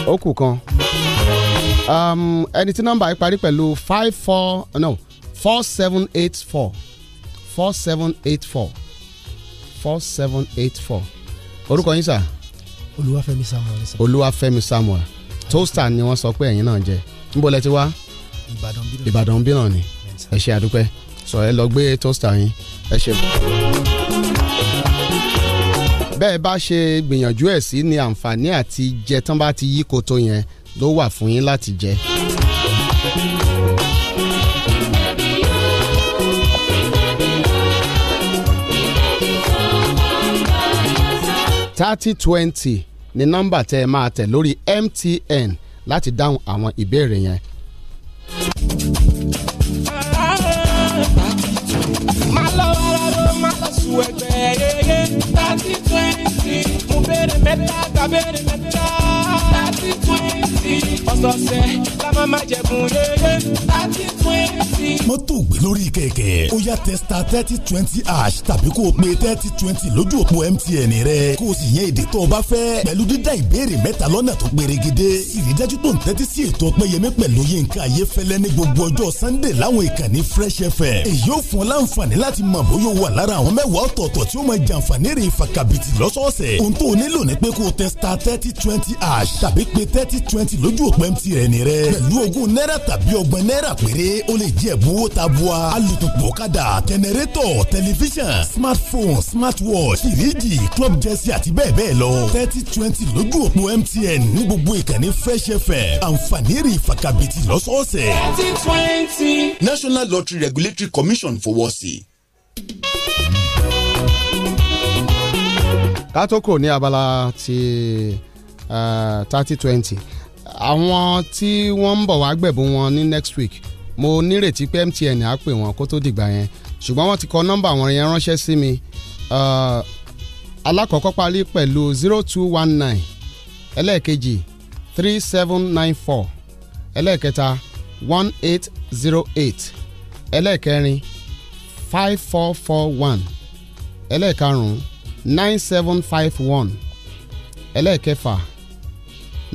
ó kù kan um, ẹni tí nọ́mbà yìí parí pẹ̀lú five four no four seven eight four four seven eight four four seven eight four orúkọ yín sà. olúwàfẹ́mi samuel sà. olúwàfẹ́mi samuel toaster ni wọ́n sọ pé ẹ̀yin náà jẹ́ níbo lẹ ti wá. ìbàdàn bí náà ìbàdàn bí ni ẹ àdúpẹ́ sọ ẹ lọ gbé toaster yín ẹ ṣe bẹ́ẹ̀ bá ṣe gbìyànjú ẹ̀ sí ni àǹfààní àti jẹ tán bá ti yí koto yẹn ló wà fún yín láti jẹ. thirty twenty ni nọ́mbà tẹ́ ẹ máa tẹ̀ lórí MTN láti dáhùn àwọn ìbéèrè yẹn. máa lọ wàrà ló máa lọ sùn ẹgbẹ́ yẹyẹ thirty Tati, mubere meta, gabere meta. Tati. ọ̀sọ̀ọ̀sẹ̀ la twenty. mọ́tò gbé lórí kẹ̀kẹ́ ó yá testa thirty twenty ash tàbí kó o pe thirty twenty lójú òpó mtn rẹ kó o sì yẹn èdè tó o bá fẹ́ pẹ̀lú dídá ìbéèrè mẹ́ta lọ́nà tó pérégedé ìrídájú tó ń tẹ́tí sí ètò ọpẹ́yẹmí pẹ̀lú yínká ayéfẹ́lẹ́ ní gbogbo ọjọ́ sunday láwọn ìkànnì fresh fm èyí ò fún ọ láǹfààní láti mọ bóyá o wà lára àwọn mẹ́wàá ọ̀tọ̀ọ̀tọ̀ tí ó máa jàǹfààní rè fàkàbìtì lọ́sọ̀ọ̀sẹ̀ ohun tó o nílò ni pé kó o testa thirty twenty ash tàbí pe thirty twenty twenty lójú òpó mtn rẹ pẹ̀lú ogún náírà tàbí ọgbọ̀n náírà péré o lè jẹ́ ẹ̀bùn ta bua alùpùpù kàdà jẹnẹrétọ̀ tẹlifíṣàn smartphone smartwatch fìríjì club jersey, àti bẹ́ẹ̀ bẹ́ẹ̀ lọ thirty twenty lójú òpó mtn ní gbogbo ìkànnì fresh fm àǹfààní rí ìfàkàbìtì lọ́sọ̀ọ̀sẹ̀. thirty twenty. national lottery regulatory commission fowọ́ sí i. kátó kò ní abala ti thirty twenty àwọn tí wọ́n ń bọ̀ wá gbẹ̀bùn wọn ní next week mo nírètí pé MTN á pè wọ́n kó tó dìgbà yẹn ṣùgbọ́n wọ́n ti kọ nọ́mbà wọn yẹn ránṣẹ́ sí mi alákọ̀ọ́kọ́ parí pẹ̀lú zero two one nine ẹlẹ́ẹ̀kejì three seven nine four ẹlẹ́ẹ̀kẹta one eight zero eight ẹlẹ́ẹ̀kẹrin five four four one ẹlẹ́ẹ̀karùn-ún nine seven five one ẹlẹ́ẹ̀kẹfà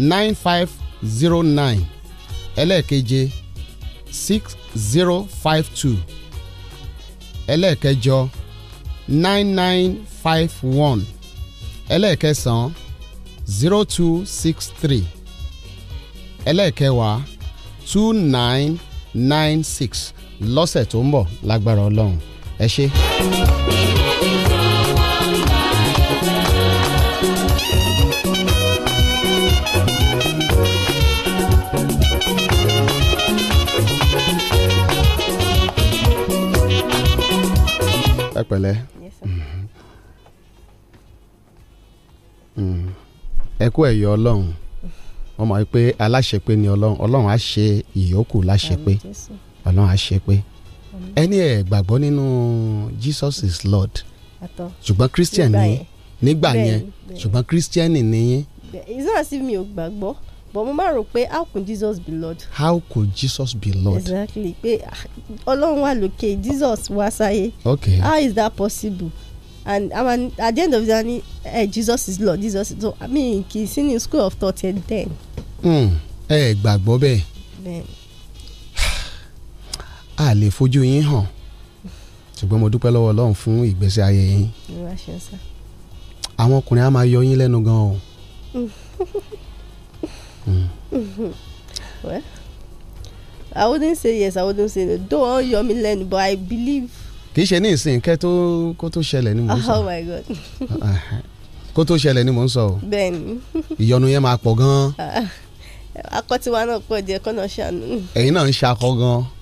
nine five zero nine ẹlẹ́ẹ̀keje six zero five two ẹlẹ́ẹ̀kẹjọ nine nine five one ẹlẹ́ẹ̀kẹsàn-án zero two six three ẹlẹ́ẹ̀kẹwàá two nine nine six lọ́sẹ̀ tó ń bọ̀ lágbára ọlọ́run ẹ ṣé. ẹ pẹ̀lẹ́ mm-hmm. Mm-hmm. ẹ kú ẹ̀yọ́ ọlọ́run wọ́n mọ̀ pé aláṣepé ni ọlọ́run ọlọ́run á ṣe ìyókù láṣepé ọlọ́run á ṣe pé ẹni ẹ̀ gbàgbọ́ nínú Jesus is Lord ṣùgbọ́n Christian ni nígbà yẹn ṣùgbọ́n Christian ni yín. ìsọ̀rọ̀ sí mi ò gbàgbọ́ but mo máa rò pé how could Jesus be Lord. how could Jesus be Lord. exactly pé ah, Ọlọ́run wà lókè Jesus wá sáyé. okay how is that possible and I mean, at the end of the day hey, eh, Jesus is Lord Jesus is Lord I mean kì í sí school of thought and then. Hmm, ẹ gbàgbọ́ bẹ́ẹ̀ a lè fojú yín hàn ṣùgbọ́n mo dúpẹ́ lọ́wọ́ Ọlọ́run fún ìgbésí ayé yín àwọn ọkùnrin á máa yọ yín lẹ́nu gan o well, I wouldn't say yes, I wouldn't say no. Though ó yọ mí learn? but I believe. Kì í ṣe ní ìsìn kẹ́ tó kó tó ṣẹlẹ̀ ni mò ń sọ. Oh my God. Kó tó ṣẹlẹ̀ ni mò ń sọ o. Bẹ́ẹ̀ni. Ìyọnu yẹn máa pọ̀ gan-an. Ah, akọ tiwa náà pọ̀ díẹ̀ kọ́nà ṣàánú. Ẹ̀yin náà ń ṣakọ gan-an.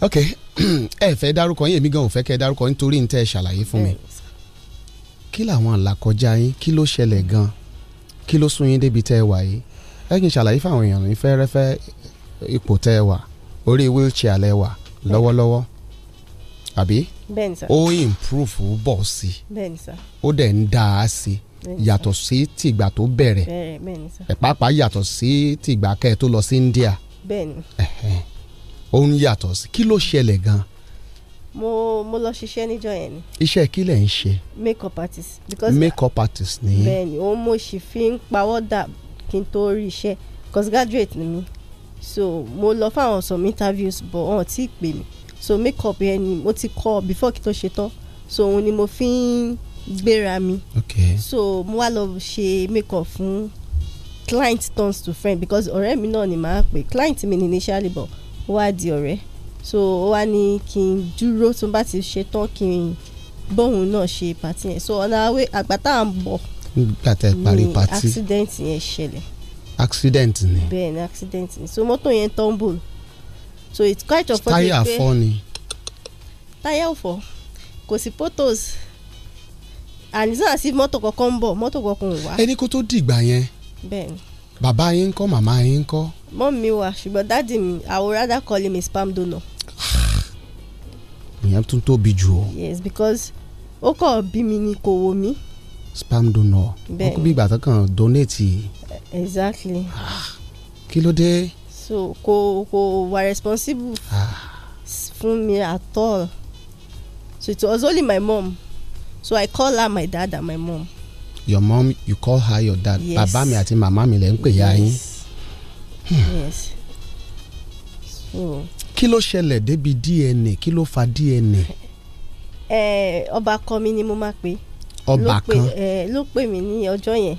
Ok, ẹ fẹ́ dárúkọ yín èmi gan ò fẹ́ kẹ́ dárúkọ nítorí ní tẹ́ ẹ ṣàlàyé fún mi. Kí làwọn àlàkọjá yín? Kí ló ṣẹlẹ̀ gan-an? kí ló sún yín débi tẹ́ ẹ wà yìí ẹ kì í ṣàlàyé fáwọn èèyàn ní fẹ́rẹ́fẹ́ ipò tẹ́ ẹ wà orí wheelchair lẹ wà lọ́wọ́lọ́wọ́ àbí ó improve bọ̀ sí ó dẹ̀ ń dá a sí yàtọ̀ sí tìgbà tó bẹ̀rẹ̀ ẹ̀ pàápàá yàtọ̀ sí tìgbà kẹ́ ẹ tó lọ sí India ó ń yàtọ̀ sí kí ló ṣẹlẹ̀ gan-an mo mo lọ ṣiṣẹ́ níjọ́ yẹn ni. iṣẹ́ kí lẹ̀ ń ṣe. makeup artist. because up artist ni. bẹ́ẹ̀ni o mo sì fi ń pawọ́ dà kí n tó rí iṣẹ́ because graduate ni mi so mo lọ fáwọn some interviews but wọn ò tí pè mí so makeup yẹn ni mo ti kọ́ before kí n tó ṣe tán so òun ni mo fi ń gbéra mi. okay so mo wá lọ ṣe up fún client turns to friend because ọ̀rẹ́ mi náà ni màá pè client mi ni initially but ó wá di ọ̀rẹ́ so ó wá ní kí n dúró tó bá ti ṣe tán kí n bóun náà ṣe pàtí yẹn so ọ̀nà àwẹ̀ àgbà tá à ń bọ̀ nígbà tẹ parí pàtí ni accident yẹn ṣẹlẹ̀ accident ni bẹ́ẹ̀ ni accident ni so mọ́tò yẹn tumble so it's quite unfortunate táyà fọ́ ni táyà ò fọ́ kò sí photos àníṣàn àti mọ́tò kọ̀ọ̀kan ń bọ̀ mọ́tò kọ̀ọ̀kan ò wá. ẹni kó tó dìgbà yẹn. bẹ́ẹ̀ni. bàbá yín ń kọ́ màmá yín ń kọ́. mọ́ mi wà ṣùgbọ́n dáàdi mi I would rather call him spam. sperm donor ìyẹn tún tóbi jù o. yes because ó kàn bí mi ni kò wò mí. spam donor bẹ́ẹ̀ ó bí ìgbà tó kàn donate. exactly. Ah, kí ló dé. so kò kò wà responsible ah. fún mi at all so it was only my mom so I call her my dad and my mom. your mom you call her your dad. yes bàbá mi àti màmá mi lè ń pè ya yín. yes yes so kí ló ṣẹlẹ̀ débi DNA kí ló fa DNA. ẹ ọba kan mi ni mo máa pe. ọba kan ló pè mí ní ọjọ́ yẹn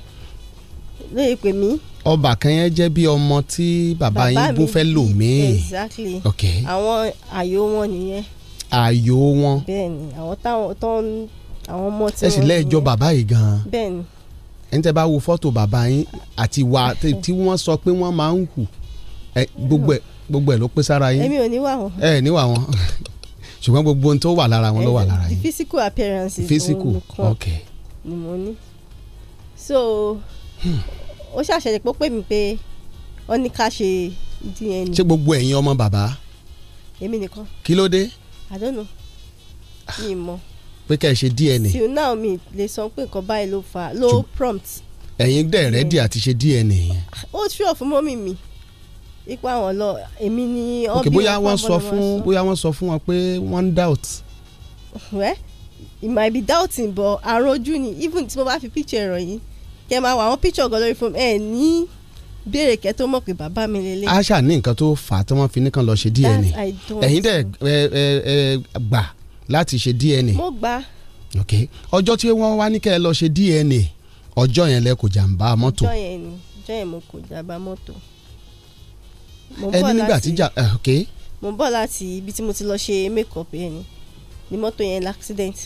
ló yẹ pè mí. ọba kan yẹn jẹ́ bí ọmọ tí bàbá yín bú fẹ́ lò míì. exactly okay. àwọn àyò wọn nìyẹn. àyò wọn. bẹ́ẹ̀ni àwọn táwọn tó ń àwọn ọmọ tí wọn. ẹ sì lẹ́ẹ̀jọ bàbá yìí gan-an. bẹ́ẹ̀ni. ẹni tẹ́ bá wo fọ́tò bàbá yín àti wa tí wọ́n sọ pé wọ́n máa ń hù gbogbo ẹ̀ gbogbo ẹ̀ ló pé sára yín. èmi ò níwà wọn. ẹ níwà wọn ṣùgbọ́n gbogbo ohun tó wà lára wọn ló wà lára yín. physical appearances physical okay. ni mo so ó ṣàṣẹ̀lẹ̀ pé ó pè mí pé ó ní ká ṣe DNA. ṣé gbogbo ẹ̀yin ọmọ bàbá. èmi nìkan. kí ló dé. I don't know mi mọ. pé ká ẹ ṣe DNA. till now mi lè sọ pé nǹkan báyìí ló fa ló prompt. ẹ̀yin dẹ̀ rẹ́dì àti ṣe DNA yẹn. ó ṣú ọ̀fun mọ́ mi mi ipa wọn lọ èmi ni ọbí wọn bóyá wọn sọ fún bóyá wọn sọ fún wọn pé wọn ń doubt. well it might be doubting but àròjù ni even tí mo bá fi picture ẹ̀rọ yìí kẹ́ máa wà àwọn picture ọ̀gọ́ lórí fún ẹ̀ ní béèrè kẹ́ tó mọ̀ pé bàbá mi lélẹ̀. aṣa ní nǹkan tó fà á tí wọ́n fi nìkan lọ ṣe DNA ẹ̀yin dẹ̀ gbà láti ṣe DNA. mo gbà. ok ọjọ́ tí wọ́n wá ní kẹ́ ẹ lọ ṣe DNA ọjọ́ yẹn lẹ kò jàǹbá mọ́tò. ọjọ́ yẹn ni ọjọ́ yẹn mo kò jàǹbá mọ́tò ẹni nígbà tí jà ok. mo ń bọ̀ láti ibi tí mo ti lọ ṣe makeup yẹn ni ni mọ́tò yẹn l'accident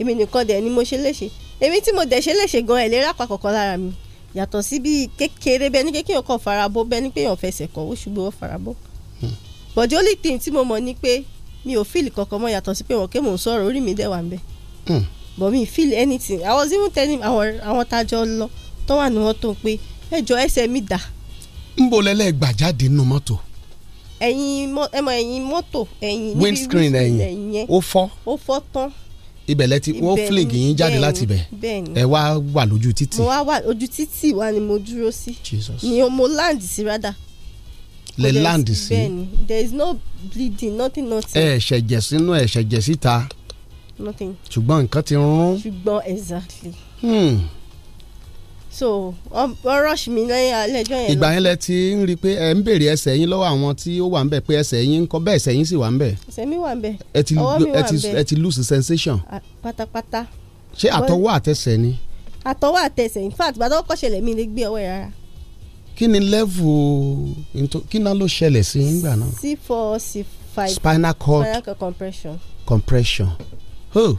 èmi nìkan dẹ̀ ni mo ṣe léṣe èmi tí mo dẹ̀ ṣe léṣe gan ẹ̀ lérà pàkọ̀kọ̀ lára mi yàtọ̀ sí bí kékeré bẹ́ẹ̀ ni kékeré kan farabọ́ bẹ́ẹ̀ ni pé èèyàn fẹsẹ̀ kọ́ ó ṣùgbọ́n ó farabọ́ hmm. but the only thing tí mo mọ̀ ni pé mi ò fíìlì kankan mọ́ yàtọ̀ sí pé wọ́n ké mò ń sọ̀rọ̀ orí mi dẹ̀ wà ń bẹ̀ hmm. but mi feel anything I was even àwọn tájọ lọ tó wà ní tó ń pé ẹjọ́ ẹsẹ̀ mi dà ń bo lẹ́lẹ́ gbà nínú mọ́tò. ẹ̀yin ẹmọ ẹ̀yin mọ́tò ẹ̀yin. windscreen ẹ̀yin ó fọ́. ó fọ́ tán. ibẹ̀ lẹ ti wọ́n fling yín jáde láti ibẹ̀. bẹ́ẹ̀ni ẹ wá wà lójú títì. mo wá wà lójú títì wa ni mo dúró sí. Jesus ni mo land sí rádà. le land sí. bẹ́ẹ̀ni there is no bleeding nothing nothing. ẹ ṣẹ̀jẹ̀ sínú ẹ ṣẹ̀jẹ̀ síta. nothing. ṣùgbọ́n nǹkan ti rún. ṣùgbọ́n exactly. Hmm so wọ́n rush mi ní alẹ́ ọjọ́ yẹn lọ. ìgbà yẹn lẹ ti ń rí i pé ẹ ń béèrè ẹsẹ̀ yín lọ́wọ́ àwọn tí ó wà ń bẹ̀ pé ẹsẹ̀ yín ń kọ́ bẹ́ẹ̀ yín sì wà ń bẹ̀. ẹsẹ̀ mi wà ń bẹ̀ ọwọ́ mi wà ń bẹ̀ ẹ ti lose sensation. pátápátá. ṣé àtọwọ́ àtẹsẹ̀ ni. àtọwọ́ àtẹsẹ̀ in fact gbàdọ́ kọ́ ṣẹlẹ̀ mi lè gbé ọwọ́ ẹ̀ rárá. kí ni level kí náà ló ṣẹlẹ̀ sí nígbà náà. c four c five spinal cord spinal cord compression. compression oh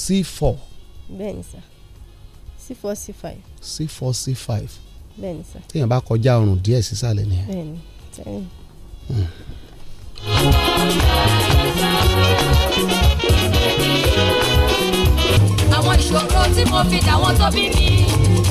c four. bẹ́ẹ̀ ni sir c four c five. c four c five. bẹ́ẹ̀ni sá. téèyàn bá kọjá ọrùn díẹ̀ sísàlẹ̀ nìyẹn. bẹ́ẹ̀ni tẹ́lẹ̀. àwọn ìṣòro tí mo fi dà wọ́n tó bí mi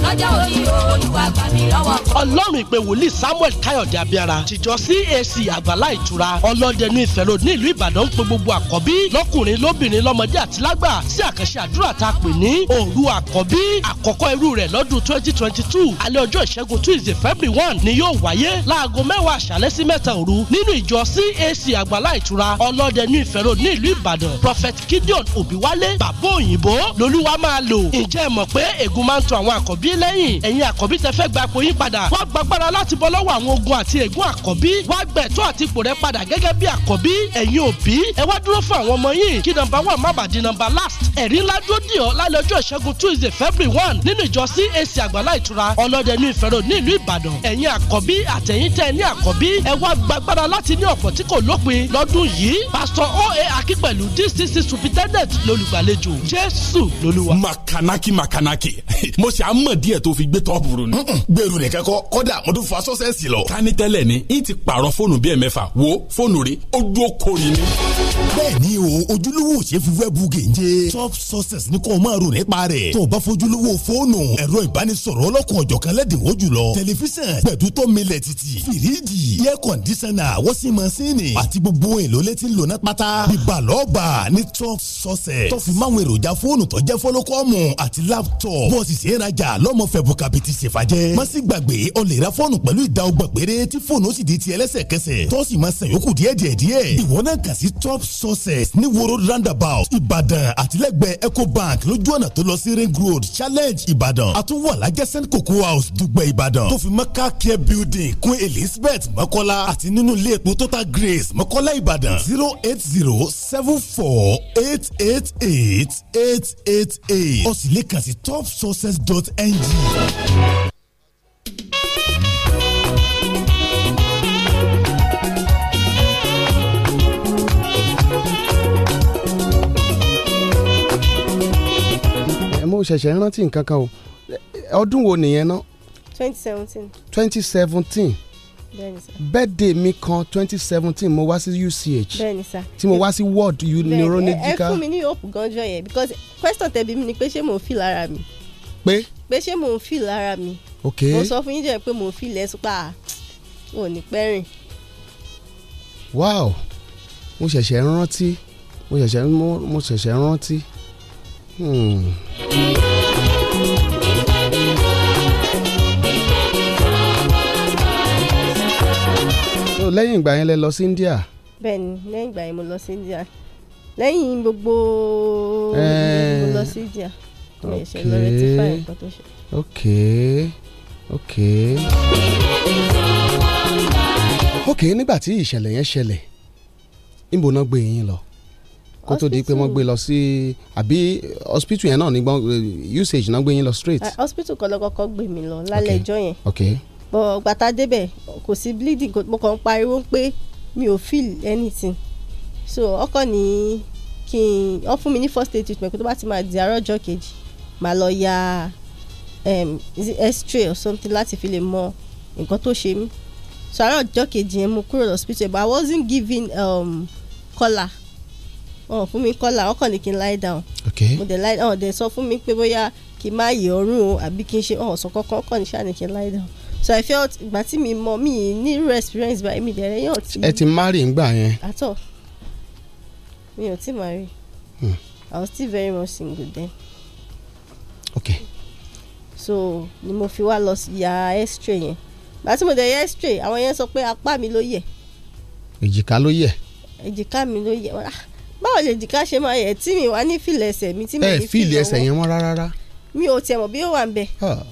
lọ́jọ́ orí olúwa gbà mí lọ́wọ́. ọlọ́run ìpè wòlíì samuel káyọ̀dé abíára tìjọ cac àgbàlá ìtura ọlọ́dẹnu ìfẹ́ road ní ìlú ìbàdàn ń pe gbogbo àkọ́bí lọ́kùnrin lóbìnrin lọ́mọdé àti lágbà sí àkànṣe àdúrà tá a pè ní òru àkọ́bí àkọ́kọ́ irú rẹ̀ lọ́dún twenty twenty two alẹ́ ọjọ́ ìṣẹ́gun tuesday february one ni yóò wáyé láago mẹ́wàá àṣálẹ́ sí mẹ́ta òru nínú ìjọ cac àgbàlá ìtura ọlọ́dẹnu ìfẹ́ road ní ìbàdàn prophet gideon òbíwálé bàbá òyìnbó lolúwa máa lò ǹjẹ́ ẹ mọ̀ pé ègún máa ń tọ̀ àwọn àkọ́bí yín lẹ́yìn ẹ̀yin àkọ́bí tẹ fẹ́ gba ipò yín padà wá gbàgbára láti bọ́ lọ́wọ́ àwọn ogun àti ègún àkọ́bí wá gbẹ̀tọ́ àti ipò rẹ padà gẹ́gẹ́ bí àkọ́bí ẹ̀yin òbí ẹ wá dúró fún àwọn ọmọ yín kí nọ́mbà one má bàa di nọ́mbà last ẹ̀rí ńlá dúró dì lálẹ́ ọjọ́ ìṣẹ́gun tuesday february one nínú ìjọ cac àgbàlá ìtura ọlọ́dẹ ní ìfẹ́rọ ní ìbàdàn ẹ̀yin àkọ́bí àtẹ̀yìn tẹ́ ẹ ní àkọ́bí ẹ wá gbàgbára láti ní ọ̀pọ̀ tí kò lópin lọ́dún yìí pásítọ̀ oa akínpẹ̀lú dcc superintendent lolùgbàlejò jésù lolúwa. makanaki makanaki mo ṣe àmọ̀ díẹ̀ tó fi gbé tọ́pù rò ni. gbèrú nìkan kọ́ kọ́dà mo tún fa sọ́sẹ̀sì lọ. ká ní tẹ́lẹ̀ ni n ti pààrọ̀ fóònù bíi ẹ̀mẹ́fà wo fóònù rí ó dúró kori ni. bẹ́ẹ̀ni o ojúlówó ṣe fi wẹ́ẹ̀bù gèje top success ní kò máa rò nípa rẹ̀ tó o bá fojúlówó fóònù ẹ̀rọ ìbánisọ̀rọ̀ ọlọ́kùn ọ̀jọ̀kan lẹ́dínwó jùlọ tẹlifíṣàn gbẹ̀dútọ́ milẹ̀ top success tó fi máwọn èròjà fóònù tó jẹ́ fọ́lọ́kọ́ọ̀mù àti láptọ̀pù bọ́ọ̀sì sí ìrajà lọ́mọ fẹ́ bùkàbìtì ṣèfàjẹ́. má sì gbàgbé o lè ra fọ́ọ̀nù pẹ̀lú ìdá ọgbọ̀n péré tí fóònù ó sì di ti ẹlẹ́sẹ̀kẹsẹ̀ tó sì máa ṣàn yòókù díẹ̀ díẹ̀ díẹ̀. ìwọ náà kàn sí top sources ní woro roundabout ìbàdàn àtìlẹ́gbẹ̀ẹ́ ecobank lójú ọ̀nà tó lọ sí ring road challenge ìbàdàn àtúwọ̀ alájẹ́ send cocoa house dùgbẹ̀ ìbàdàn tó fi mọ́ car care building kún elizabeth mọ́kọ́lá àti nínú ilé epo grace mọ́kọ́lá ìbàdàn zero eight zero seven four eight eight eight eight eight eight ó sì lè kàn dot ng méjì. mo ṣẹ̀ṣẹ̀ ń rántí nǹkan kan o ọdún wo nìyẹn náà. twenty seventeen. twenty seventeen Birthday mi kan twenty seventeen mo wá sí UCH bẹ́ẹ̀ni sá tí mo wá sí ward neurological. bẹ́ẹ̀ni ẹ fún mi ní hope ganjọ yẹn because question tẹ̀bi mi ni pé ṣé mo fi lára mi. pé pé ṣé mò ń feel lára mi ok mo sọ fún yín jẹ́ pé mò ń feel lẹ́sùn pa ò ní pẹ́ wow mo ṣẹ̀ṣẹ̀ rántí mo ṣẹ̀ṣẹ̀ mo ṣẹ̀ṣẹ̀ rántí. Hmm. so lẹ́yìn ìgbà yẹn lẹ lọ sí India. bẹ́ẹ̀ni lẹ́yìn ìgbà yẹn mo lọ sí India lẹ́yìn gbogbo eh. mo lọ sí India mi ṣe lórí tí fà nǹkan tó ṣe. ok ok. ok nígbà tí ìṣẹ̀lẹ̀ yẹn ṣẹlẹ̀ níbo náà gbé yín kó tó di pé wọ́n gbé lọ sí àbí hospital yẹn náà ní gbọ́n usage náà gbé yín lọ straight. Uh, hospital kan lọ́kọ́kọ́ gbé mi lọ lálẹ́ ìjọ yẹn. ok bọ̀ gbàtà débẹ̀ kò sí bleeding mo kàn ń pariwo pé mi ò feel anything so ọkọ ní kí n ọ fún mi ní first aid treatment kó tó bá ti máa di àárọ̀ ọjọ́ kejì màá lọ ya um, x-ray or something láti fi lè mọ nǹkan tó ṣe mí so àárọ̀ ọjọ́ kejì yẹn mo kúrò lọ hospital but I wasn't given um, collar wọn ò fún mi collar wọn kàn kí n lie down okay. mo dẹ̀ lie down wọn dẹ̀ sọ fún mi pé bóyá kí n má yẹ ọrùn o àbí kí n ṣe ọ̀sán kankan kàn ní ṣáà ní kí n lie down so I felt ìgbà tí mi mọ mi ní irú experience by mi dẹ̀ yóò ti. ẹ ti marry ngbà yẹn. àtọ mi ò tí marry. Hmm. I was still very much single then okay. so ni mo fi wá lọ ya x-ray yẹn gbàtí mo dẹ̀ ya x-ray àwọn yẹn sọ pé apá mi ló yẹ̀. èjìká ló yẹ̀. èjìká mi ló yẹ̀ ah, báwo lè èjìká ṣe máa yẹ̀ tí mi wá ní fìlẹ̀ ẹsẹ̀ mi tí mi ní fìlẹ̀ ẹsẹ̀ yẹn wọ́n rárá. mi ò tiẹ̀ mọ̀ bí ó wà ń bẹ̀. Ah.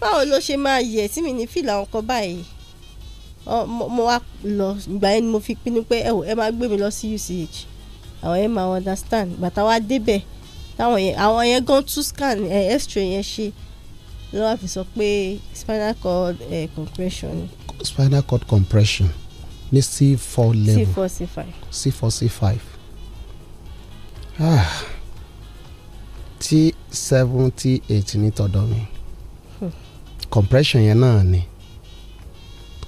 báwo ló ṣe máa yẹ̀ tí mi ní fìlà àwọn kan báyìí mo wá lọ ìgbà yẹn ni mo fi pinnu pé ẹ máa gbé mi lọ sí UCH àwọn yẹn máa understand gbàtà wá débẹ̀ táwọn yẹn àwọn yẹn gan tún scan x-ray yẹn ṣe ló wá fi sọ pé spinal cord eh, compression spinal cord compression ní c four level c four c five c four c five ah t seven t eight ní tọ̀dọ̀ mi hmm. compression yẹn náà ni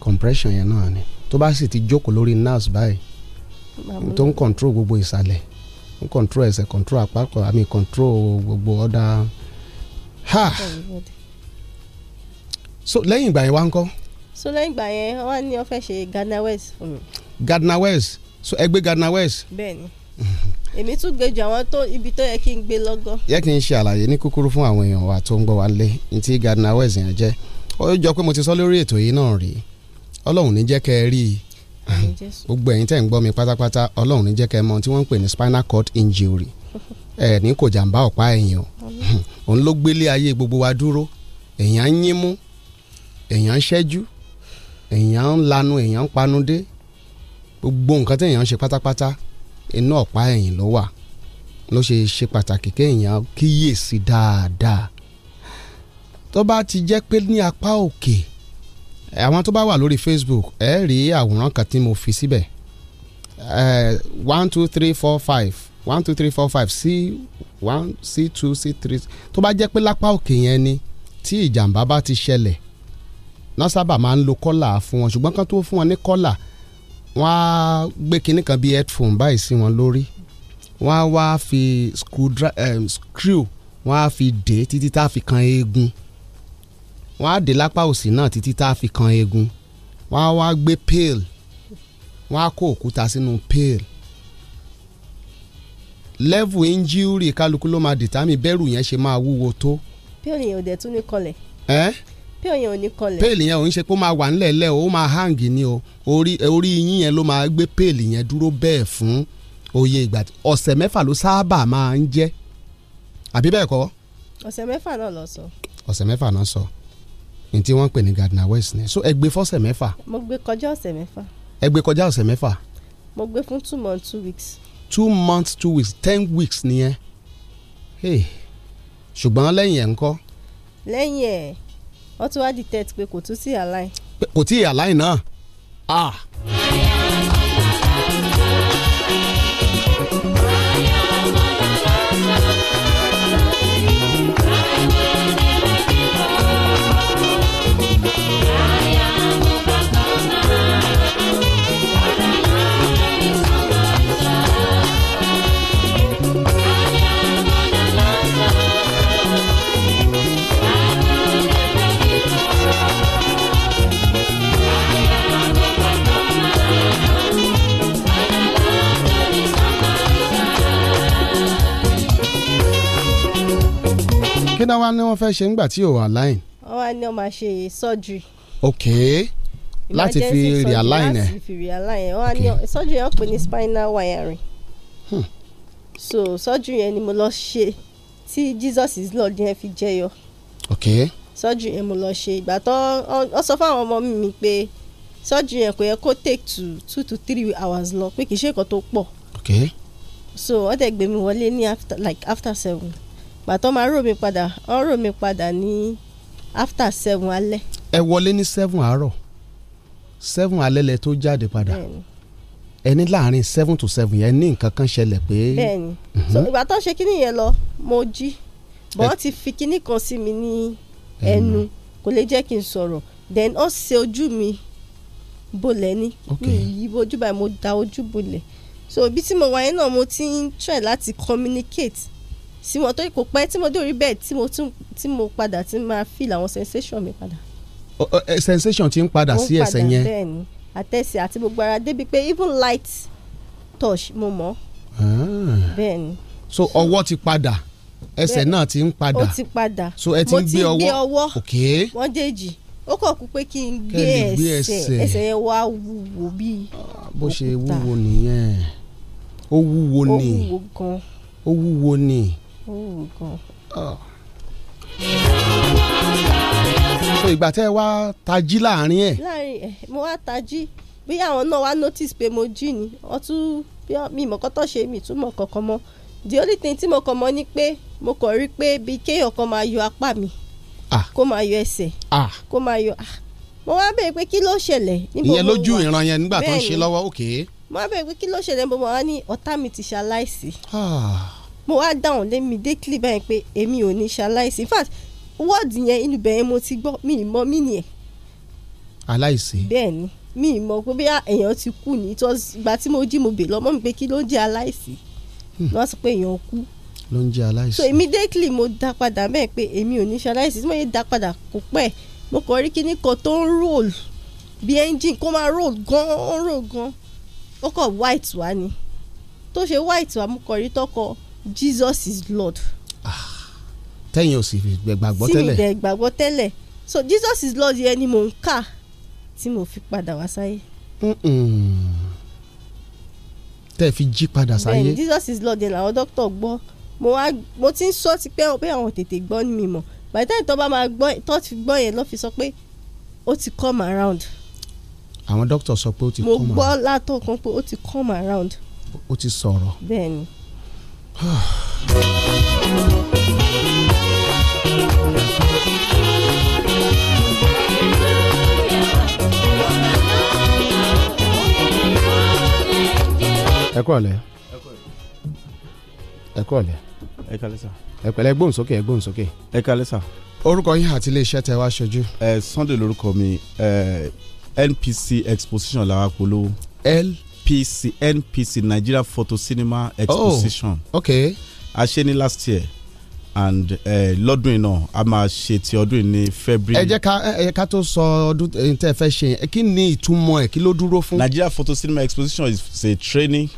compression yẹn náà ni tó bá sì ti jókòó lórí nerves báyìí tó ń control gbogbo ìsàlẹ̀ ń control ẹsẹ̀ control àpapọ̀ I mean control gbogbo ọ̀dà ha so lẹ́yìn ìgbà yẹn wá ń kọ́. so lẹ́yìn ìgbà yẹn wọ́n ní wọ́n fẹ́ ṣe Gardner West fún mi. Gardner West so ẹ gbé Gardner West. bẹ́ẹ̀ni èmi tún gbé ju àwọn tó ibi tó yẹ kí n gbé lọ́gọ́. yẹ kí n ṣe àlàyé ní kúkúrú fún àwọn èèyàn wa tó ń gbọ́ wa lé ní ti Gardner West yẹn jẹ́ ó jọ pé mo ti sọ lórí ètò yìí náà rí Ọlọ́run ní jẹ́ kẹ́ ẹ rí i gbogbo ẹ̀yin tẹ́ ń gbọ́ mi pátápátá ọlọ́run ní jẹ́ kẹ́ mọ̀ tí wọ́n ń pè ní spinal cord injury ẹ̀ ní kò jàǹbá ọ̀pá ẹ̀yìn o òun ló gbélé ayé gbogbo wa dúró èèyàn ń yín mú èèyàn ń ṣẹ́jú èèyàn ń lanu èèyàn ń panudé gbogbo nǹkan téèyàn ń ṣe pátápátá inú ọ̀pá ẹ̀yìn ló wà ló ṣe ṣe pàtàkì kéèyàn kíyèsí dáadáa tó bá ti jẹ́ pé ní apá òkè okay àwọn tó bá wà lórí Facebook ẹ rí àwòrán kan tí mo fi síbẹ̀ one two three four five one two three four five c one c two c three tó bá jẹ́ pé lápá òkè yẹn ni tí ìjàmbá bá ti ṣẹlẹ̀ náà sábà máa ń lo kọ́là fún wọn ṣùgbọ́n kan tó fún wọn ní kọ́là wọ́n á gbé kinní kan bíi headphone báyìí sí wọn lórí wọ́n á wá fi screw wọ́n á fi dè é títí tá a fi kan eegun wọ́n á dé lápá òsì náà títí tá a fi kan eegun wọ́n á wá gbé pail wọ́n á kó òkúta sínú pail level injury kálukú ló máa determine bẹ́rù yẹn ṣe máa wúwo tó. pail yẹn ò dẹ̀ tún ní kọlẹ̀. ẹ́ pail yẹn ò ní kọlẹ̀. pail yẹn ò ń ṣe pé ó máa wà nílẹ̀ lẹ́ o ó máa hang ni o orí orí yín yẹn ló máa gbé pail yẹn dúró bẹ́ẹ̀ fún oyè ìgbà ọ̀sẹ̀ mẹ́fà ló sábà máa ń jẹ́ àbí bẹ́ẹ̀ kọ́. ọ̀sẹ̀ mẹ́fà náà lọ sọ. ọ̀sẹ̀ mẹ́fà náà sọ. So ní tí wọ́n ń pè ní Gardner West ni so ẹ gbé fọ́sẹ̀ mẹ́fà. mo gbé kọjá ọ̀sẹ̀ mẹ́fà. ẹ gbé kọjá ọ̀sẹ̀ mẹ́fà. mo gbé fún two months two weeks. two months two weeks ten weeks nìyẹn ṣùgbọ́n lẹ́yìn ẹ̀ ń kọ́. lẹ́yìn ẹ̀ wọ́n tún wá detect pé kò tún sí àlàyé. kò tí ì àlàyé náà. ah. kí náà wá ní wọ́n fẹ́ ṣe ńgbà tí ò wà láìn. wọ́n wá ní wọ́n máa ṣe surgery. ok láti fi realign ẹ̀. láti fi realign wá ní surgery yẹn pè ní spinal wiring. Hmm. so surgery yẹn ni mo lọ ṣe tí Jesus is Lord yẹn fi jẹyọ. ok surgery yẹn mo lọ ṣe ìgbà tó ọ sọ fún àwọn ọmọ mi pé surgery yẹn kò yẹ kó take to two to three hours lọ pé kì í ṣe nǹkan tó pọ̀. ok so wọ́n tẹ̀ gbé mi wọlé ní after like after seven pàtó máa rò mí padà ọ rò mí padà ní after seven alẹ́. ẹ wọlé ní seven àárọ̀ seven alẹ́ lẹ tó jáde padà ẹni láàrin seven to seven yẹn ní nǹkan kan ṣẹlẹ̀ pé. bẹ́ẹ̀ni mhm. so ìgbà tó ṣe kíní yẹn lọ mo jí bọ́ọ̀ ti fi kíní kan sí mi ní ẹnu kò lè jẹ́ kí n sọ̀rọ̀ then ó ṣe ojú mi bolẹ̀ ni mi yí ojú báyìí mo da ojú bolẹ̀ so ibi tí mo wà yẹn náà mo ti ń try láti communicate sí wọn tó kò pẹ́ tí mo dé orí bẹ́ẹ̀ tí mo tún tí mo máa feel àwọn sensation mi padà. sensation ti ń padà sí ẹsẹ̀ yẹn. mo ń padà bẹ́ẹ̀ ni àtẹ̀sẹ̀ àti gbogbo ara débi pé even light touch mo mọ̀. Ah. bẹ́ẹ̀ ni. so ọwọ́ ti padà ẹsẹ̀ náà ti ń padà. ó ti padà so ẹ ti ń gbé ọwọ́ mo ti gbé ọwọ́ wọ́n jèjì ó kọ̀ kú pé kí n gbé ẹsẹ̀ ẹsẹ̀ yẹn wá wúwo bíi òkúta. Ah, bó ṣe wúwo nìyẹn ó wúwo ni ó wúwo gan ó wúwo ni oògùn oh, ah. so ìgbà tẹ́ ẹ wá tají láàrin ẹ̀. láàrin ẹ mo wá tají bí àwọn náà wá notice pé mo jí ni wọ́n bí mi mọ̀ kọ́tọ̀ ṣe mi túmọ̀ kankan mọ́ the only thing tí mo kàn mọ́ ni pé mo kàn rí pé bí kéèyàn kan máa yọ apá mi kó máa yọ ẹsẹ̀ kó máa yọ mo wá bèèrè pé kí ló ṣẹlẹ̀. ìyẹn lójú ìran yẹn nígbà tó ń ṣe lọ́wọ́ òkè. mo wá bèèrè pé kí ló ṣẹlẹ̀ mo wá ní ọ̀tá mi ti ṣaláìsí. Ah mo wá dáhùn lémi dékìlì báyìí pé èmi ò ní ṣaláìsí in fact wọ́ọ̀dì yẹn inú bẹ̀yẹn mo ti gbọ́ mi ì mọ mí nìyẹn. aláìsí. bẹ́ẹ̀ni mi ì mọ pé bóyá èèyàn ti kú ní ìgbà tí mo jí mo bè lọ́mọ́ mi pé kí ló ń jẹ́ aláìsí hmm. wọ́n sọ pé èèyàn kú. ló ń jẹ́ aláìsí. so immediately mo dá padà bẹ́ẹ̀ pé èmi ò ní ṣe tí mo yẹ dá padà kó pẹ́ mo kàn rí kíní kan tó ń roll bí engine kó máa roll gan roll gan ó kàn white wá ni tó ṣe white wá mo kàn rí tọkọ Jesus is Lord. tẹ́yìn ò sì gbàgbọ́ tẹ́lẹ̀. sì mi gbàgbọ́ tẹ́lẹ̀ so Jesus is Lord yẹn ni mò ń kà tí mo fi padà wá sáyé. tẹ́ ẹ fi jí padà sáyé. bẹ́ẹ̀ni Jesus is Lord yẹn làwọn dókítà gbọ́ mo wá mo ti ń sọ ti pé pé àwọn tètè gbọ́ ni mi mọ̀ by the time tó bá máa gbọ́ tó ti gbọ́ yẹn lọ́ fi sọ pé ó ti come around. àwọn dókítà sọ pé ó ti come around. mo gbọ́ látọ̀kan pé ó ti come around. ó ti sọ̀rọ̀. bẹ́ẹ̀ni. ẹ kú ọ̀lẹ́ ẹ kú ọ̀lẹ́ ẹ kálẹ́ sà ẹ pẹ̀lẹ́ gbóhùn sókè ẹ gbóhùn sókè ẹ kálẹ́ sà. orúkọ yín àti iléeṣẹ́ tẹ wá ṣojú. ẹ Sunday lórúkọ mi NPC exposition làwọn polówó. l NPC NPC Nigeria Photo Cinema Exposition. Oh, okay. a ṣe ní last year and uh, lọ́dún iná a máa ṣe ti ọdún ní February. ẹ jẹ́ ká ẹ ká tó sọ ọdún tẹ́ ẹ fẹ́ ṣe yẹn kí ni ìtumọ̀ ẹ̀ kí ló dúró fún. Nigeria Photo Cinema Exposition is a training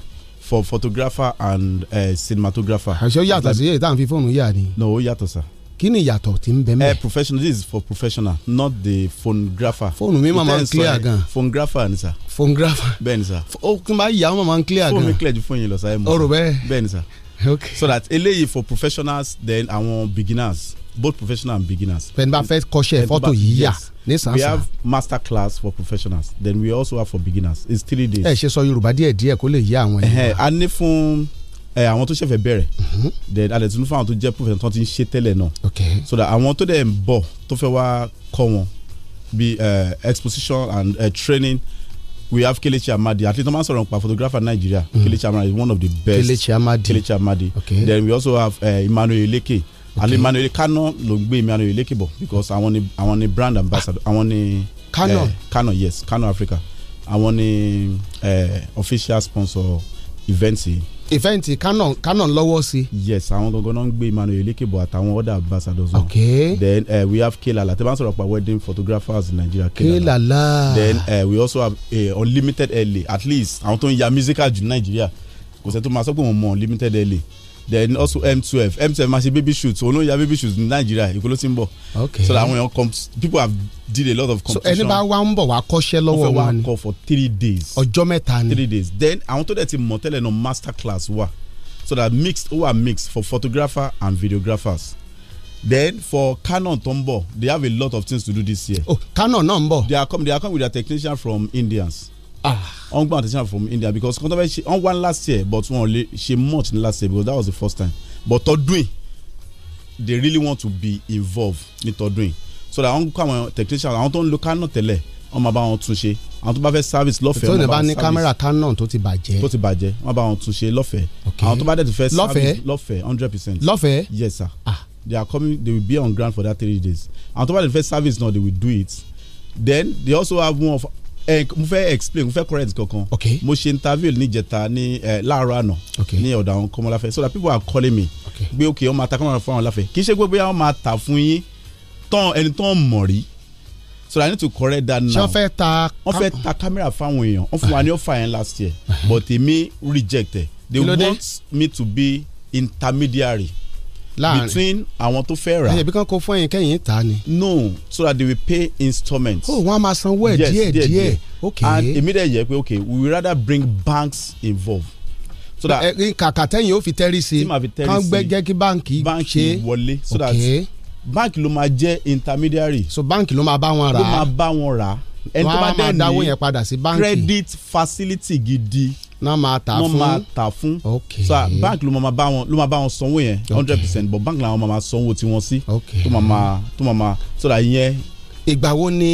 for photographer and uh, cinematographer. àṣé ó yàtọ̀ sí èyí tá à ń fi fóònù yà ni. no ó yàtọ̀ sá kí ni ìyàtọ̀ tí ń bẹ mẹ́. ẹ eh, professional this is for professional not the phonographer. fóònù mi máa ń clear gan. phonographer ni sa. phonographer bẹ́ẹ̀ ni sa. ó kí n bá yà ó máa ń clear gan. fóònù mi clear ju fóònù yìí lọ sáyé mu. ọ̀rọ̀ bẹ́ẹ̀ bẹ́ẹ̀ ni sa. okay so that eléyìí for professionals then àwọn beginners both professional and beginners. pẹ̀lú afẹ́ kọ́ṣẹ́ fọ́tò yìí yà ní sàn sàn. we have master class for professionals then we also have for beginners it's three days. ẹ ṣe sọ Yorùbá díẹ̀ díẹ̀ kó lè yé àwọn ènìyàn. a ní fún ẹ àwọn tó ṣẹ̀fẹ̀ bẹ̀rẹ̀ mhm. then alẹ tún fún àwọn tó jẹ́ professor tó ti ń ṣe tẹ́lẹ̀ náà so that àwọn tó dẹ̀ ń bọ̀ tó fẹ́ wá kọ́ wọn bí exposition and uh, training we have Kelechi Amadi at least normal sọ̀rọ̀ nípa photographer Nigeria mm. Kelechi Amadi is one of the best Kelechi Amadi Kelechi Amadi okay. then we also have uh, Emmanuel Eleke okay. and Emmanuel Kano ló ń gbé Emmanuel Eleke bọ̀ because àwọn ni àwọn ni brand ambassador ah. àwọn ni Kano uh, Kano yes Kano Africa àwọn ni uh, official sponsor events yìí ìfẹ́ǹtì canon lọ́wọ́ sí. yes àwọn gangan náà ń gbé emmanuel elekebo àtàwọn other ambassadors. Okay. then uh, we have kelala tẹ́ bá ń sọ̀rọ̀ pa wedding photographers in Nigeria kelala. kelala then uh, we also have uh, unlimited early. at least àwọn tó ń ya musical jù ní Nigeria kò sẹ́ tó máa sọ pé wọ́n mọ̀ unlimited early then also m12 m12 máa ṣe baby shoot òun ló ya baby shoot ní Nigeria. èkó ló ti ń bọ̀ so that àwọn èèyàn people have did a lot of competition so ẹni bá wá ń bọ̀ wá kọ́ṣẹ́ lọ́wọ́ wa ni wọ́n fẹ́ wá kọ́ for three days ọjọ́ mẹ́ta ni three days then àwọn tó dẹ̀ ti mọ̀ tẹ́lẹ̀ náà master class wà so that mixed ó wà mixed for photographer and videographers then for canon tó ń bọ̀ they have a lot of things to do this year. oh canon náà ń bọ̀. they are coming. they are coming with their technician from indians Ah. wọ́n gbọ́n attention from India because kọ́ńtà bẹ́ẹ̀ ṣe wọ́n wá last year but wọ́n lè ṣe much ní last year because that was the first time but tọdún yìí they really want to be involved ní tọdún yìí so that wọ́n kọ́ àwọn technicians àwọn tó ń lo Canon tẹ́lẹ̀ wọ́n máa bá wọn tún ṣe àwọn tó bá fẹ́ service lọ́fẹ̀ẹ́ wọ́n bá wọn service tó ní bá ní kámẹ́rà Canon tó ti bàjẹ́ tó ti bàjẹ́ wọ́n bá wọn tún ṣe lọ́fẹ̀ẹ́ àwọn tó bá dẹ̀ ti fẹ́ service lọ́fẹ̀ẹ́ hundred percent lọ́fẹ̀ẹ́ yes sir ah. they are coming they will be on ground for that three days àwọn tó bá dẹ̀ ti fẹ́ service now. they will do it then they also have one of ẹ eh, mo fẹ́ explain mo fẹ́ correct kankan okay. mo ṣe interview níjẹta ní ẹ eh, láàárọ̀ àná ní ọ̀dọ̀ àwọn kọ́mọláfẹ́ so that people are calling me gbé òkè ọmọ ata kọ́mọláfẹ́ fún àwọn láfẹ́ kì í ṣe pé bóyá wọ́n máa tà fún yín tán ẹni tán mọ̀ rí so I need to correct that now. ṣé wọ́n fẹ́ ta wọ́n fẹ́ ta camera fáwọn èèyàn wọ́n fún wa ní ọ̀fà yẹn last year but èmi reject it they want me to be intermediary láàrin between àwọn tó fẹ́ rà. ẹ̀yẹ̀ bí kan kó fún ẹ̀yin kẹ́yìn ta ni. no so that they will pay installments. oh wọ́n á máa sanwó yes. díẹ̀ díẹ̀ okay. and èmi yẹ pé okay we will rather bring banks involved. so that kàkà tẹ́yìn ó fi tẹ́rí sí i kàn gbẹ́ jẹ́ kí báǹkì ṣe báǹkì wọlé so that báǹkì ló máa jẹ́ intermediary. so báǹkì ló máa bá wọn rà á ló máa bá wọn rà á ẹni tó bá dẹ̀ credit facility gidi náà máa tà fún náà máa tà fún okay so bank ló máa bá wọn ló máa bá wọn sanwó yẹn hundred percent but bank làwọn máa sanwó tiwọn sí okay tó máa tó máa so that yẹn. ìgbà wo ni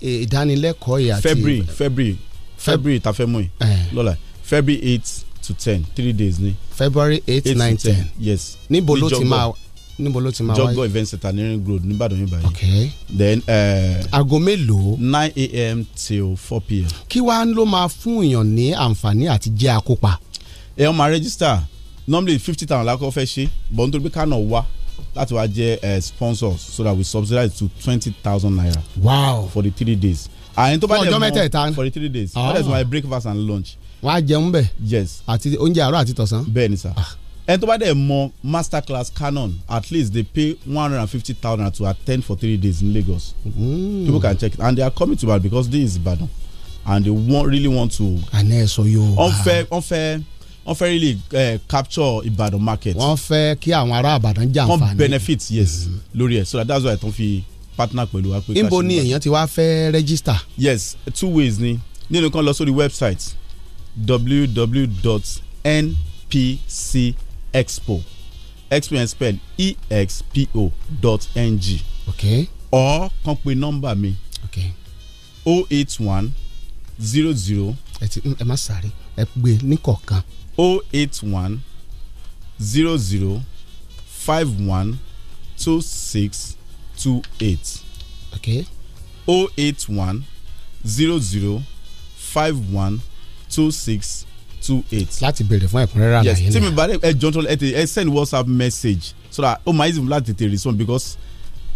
e, ìdánilẹ́kọ̀ọ́ yìí àti. February February February tá fẹ́ mú yìí eh. lọ́la February eight to ten three days ni. February eight nine ten yes níbo ló ti máa níbo ló ti máa wáyé Jogbo event center nearing road nìbàdàn yìí báyìí. okay then. Eh, aago uh, mélòó. nine a.m. till four p.m. kí wàá ló máa fún èèyàn ní àǹfààní àti jẹ́ akópa. ẹ ọ́n máa register normally fifty thousand lákọ́ fẹ́ ṣe but nítorí pé kánò wá láti wá jẹ́ eh, sponsors so that we subsidize to twenty thousand naira. wow for the three days. àyìn ah, tó bá dẹ̀ mọ́ for the three days. that is my breakfast and lunch. wàá jẹun bẹ́ẹ̀. yes àti oúnjẹ àárọ̀ àti tọ̀sán. bẹ́ẹ̀ ni sir. Ah ẹni tó bá dẹ̀ mọ master class canon at least they pay one hundred and fifty thousand to attend for three days in Lagos mm. people can check it and they are coming to Ibadan because this is Ibadan and they want, really want to. àná unfair, sọ yóò wá really uh, capture Ibadan market. wọ́n fẹ́ kí àwọn ará Ìbàdàn jẹ àǹfààní. wọ́n benefit yes mm. lórí ẹ̀ so that's why tán fi partner pẹ̀lú wa. níbo ni èèyàn ti wá fẹ́ register. yes two ways ni nínú kan lọ sórí website www.npc.com expo expo and spell expo dot ng. okay. or kàn pé nọ́mbà mi. okay. o eight one zero zero. ẹ ti ẹ má sáré ẹ gbé níkọ̀ọ̀kan. o eight one zero zero five one two six two eight. okay. o eight one zero zero five one two six two eight. láti béèrè fún ẹ̀kúnrẹ́rẹ́ àlàyé náà. yes tí mi bá ẹ jọ tó ẹ ẹ send whatsapp message so that ó máa easy fún láti tètè respond because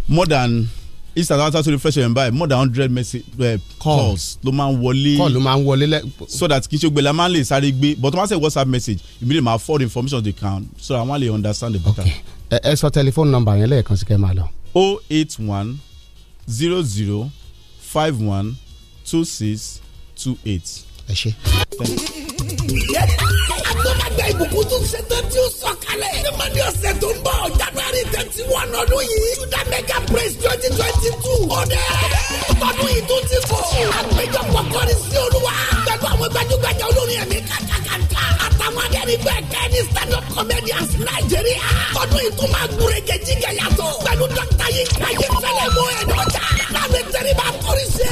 more than east and outer to refresh your more than hundred message uh, calls ló máa ń wọlé call ló máa ń wọlé so that kì í ṣe gbé la máa ń lè sáré gbé but wọ́n á send whatsapp message immediately máa forward information to the account so that wọ́n lè understand the matter. okay ẹ sọ telephone number yẹn lẹ́ẹ̀kan sí kẹ́ máa lọ. o eight one zero zero five one two six two eight. ẹ ṣe agbẹ́magbẹ́ ìbùkún tún ṣe tán tí ó sọ kalẹ̀ ní mọ́ni ọ̀sẹ̀ tó ń bọ̀ january thirty one ọdún yìí juda mega praise twenty twenty two ọ̀dẹ́ ọdún yìí tún ti fò àpéjọpọ̀ kọrin sí olúwa pẹ̀lú àwọn gbajúgbajà olórin ẹ̀mí kàkàkàkà àtàwọn adẹ́rìn bẹ́ẹ̀ kẹ́ ní stand up comedians nàìjíríà ọdún yìí tún máa gbúrégé jíjẹ yàtọ̀ pẹ̀lú dọ́kítà yìí káyé fẹ́lẹ́ mọ́ ẹ̀ dọ́jà láti tẹ́rí bá kọrin sí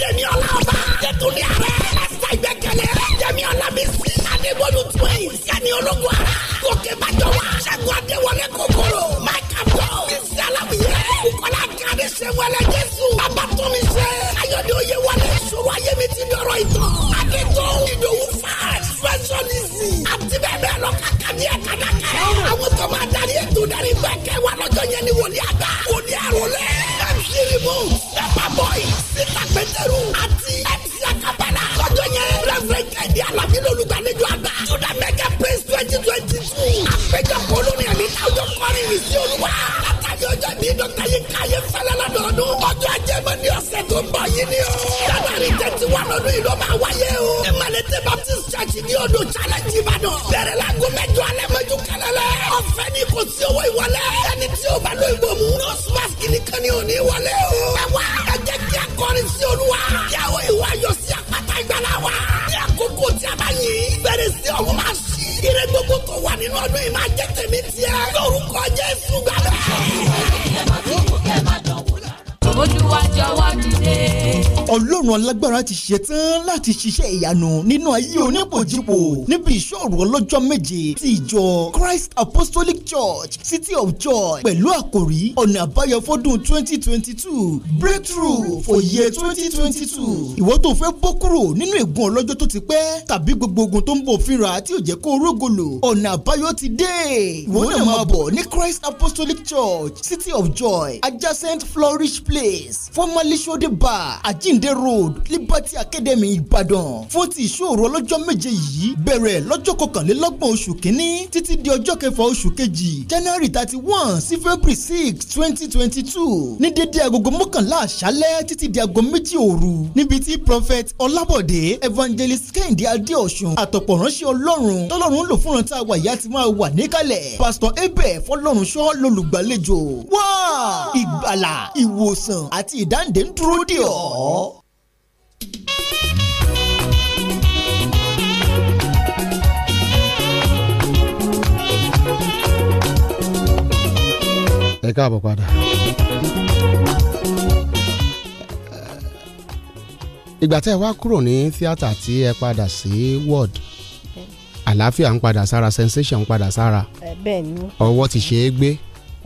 jẹ́mi ọlá ọba yẹtùlẹ̀ ààrẹ lásà ìgbẹ́kẹ̀lé jẹ́mi mi sí adébólú tún ẹ̀yìn sẹ́ni ológun ara gòkè bàjọ́ wa ṣẹ́gun adéwọlé kòkòrò máìkà bọ́ bísí aláwìyẹ kọ́lá kárí ṣe wọlé jésù bàbá tó mi ṣe ayọ̀dẹ̀ òye wọlé ìṣòro ayé mi ti dọ̀rọ̀ ìtàn adétò ìdòwú fà fẹsọ̀lìsì àti bẹ́ẹ̀ bẹ́ẹ̀ lọ kàkà ní ẹ̀ka dàkà yẹn àwọn tó máa darí pásítà pétérù àti mc akabala lọ́jọ́ yẹn rẹ́fẹ̀rẹ́ kẹ́hìndé alábí lọ́lùgbàlejò àgbà juda mega praise twenty twenty two àpéjọpọ̀ olórin ẹ̀mí táwọn kọrin ní olúwa látàrí ọjọ́ ní dọ́kítà yìí káyé fẹ́lẹ́ lọ́dọọdún ọjọ́ ajé mọ́ ní ọ̀sẹ̀ tó ń bọ̀ yìí ni o january thirty one ọdún yìí ló máa wáyé o emalete baptist church ní ọdún challenge ìbàdàn bẹ̀rẹ̀ láago mẹ́jọ alẹ́ mẹ́jọ kẹlẹ́lẹ́ ọ̀fẹ́ ni kò sí owó ìwọlé ẹni tí ó bá lóyún bò nọ́ọ̀sì mask nìkan ni ò ní wọlé o ẹ wá ẹ kọrin sí olúwa. yàwó ìwà yọ sí ìgbàlá wa. ní àkókò tí a bá yìn bẹ̀rẹ̀ sí ọ̀hún máa ṣí. ire gbogbo tó wà nínú ọdún yìí máa jẹ́ tèmi tiẹ̀. lórúkọ Jésù gbàlá olúwa alágbára ti ṣe tán láti ṣiṣẹ́ ìyanu nínú ayé onípòjìpò níbi ìṣòro ọlọ́jọ́ méje ti ìjọ Christ Apostolic Church City of Joy pẹ̀lú àkòrí ọ̀nà àbáyọ fọ́dún twenty breakthrough for year 2022. twenty two ìwọ tó fẹ́ bọ́ kúrò nínú ègún ọlọ́jọ́ tó ti pẹ́ tàbí gbogbo ogun tó ń bọ̀ fínra tí ò jẹ́ kó orógolo ọ̀nà àbáyọ ti dé ìwọ náà máa bọ̀ ní Christ Apostolic Church City of Joy adjacent Flourish Place space formerly sode bar ajínde road liberty academy ìbàdàn fún ti ìṣòro ọlọ́jọ́ méje yìí bẹ̀rẹ̀ lọ́jọ́ kọkànlélọ́gbọ̀n oṣù kínní títí di ọjọ́ kẹfà oṣù kejì january thirty one sí february six twenty twenty two ní dédé agogo mọ́kànlá àṣálẹ́ títí di agogo méjì òru níbi tí prophet ọlábọ̀dé evangelist kẹ́hìndé adéọ̀sùn àtọ̀pọ̀ ránṣẹ́ ọlọ́run tọ́lọ́run lò fúnra tá a wà yá ti máa wà níkàlẹ̀ pastor abel fọlọ́runṣọ́ lolùgbàlejò wá ìgbàlà ìwòsàn ìwòsàn àti ìdáǹdè ń dúró dè ọ́. ẹ káàbọ̀ padà. ìgbà tẹ́ ẹ wá kúrò ní tíátà tí ẹ padà sí ward àlàáfíà ń padà sára sensation ń padà sára ọwọ́ ti ṣe é gbé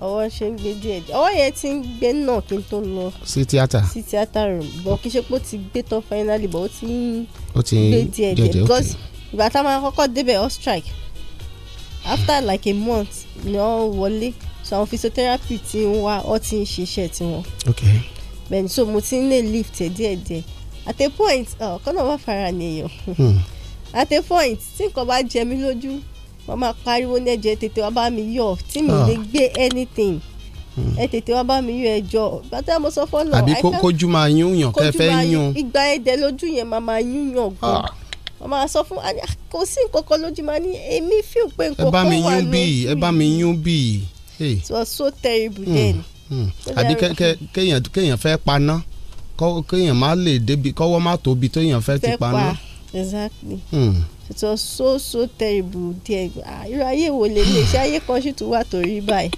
ọwọ́ ṣe ń gbé díẹ̀ díẹ̀ ọwọ́ yẹn ti ń gbé náà kí n tó lọ. sí tíátà sí tíátà room bọ kí n ṣe pé ó ti gbé tán finally bọ ó ti ń gbé díẹ̀ díẹ̀ because ìgbà tá a máa kọ́kọ́ débẹ̀ all strike after like a month ni wọ́n wọlé so àwọn physiotherapy ti ń wá ọ ti ń ṣiṣẹ́ tiwọn. okay. bẹ́ẹ̀ni so mo ti ń lè lift ẹ̀ díẹ̀ at a point ọ̀kan náà wà fara nìyẹn hmm. at a point tí nǹkan bá jẹ mí lójú wọ́n máa pariwo ní ẹ̀jẹ̀ tètè wá bá mi yọ tí mi lè ah. gbé anything ẹ hmm. tètè wá bá mi yọ ẹjọ bàtà mo sọ fọlọ àbí kójú máa yún yàn kẹ fẹ yún ìgbà ẹdẹ lójú yẹn máa máa yún yàn gan ah. wọ́n máa sọ fún kò sí nǹkan kan lójú máa ní èmi fi pé nǹkan kan wà lójú ẹ bá mi yún bíi it was so terrible then. Hmm, hmm. àbí kéèyàn kéèyàn fẹ́ paná kéèyàn má lè débi kọ́wọ́ má tóbi téèyàn fẹ́ ti paná. fẹ́ pa exactly. Mm it was so so terrible there ah irú ayé wo lélẹ̀ ṣé ayé kan ṣì tún wà tó rí báyìí.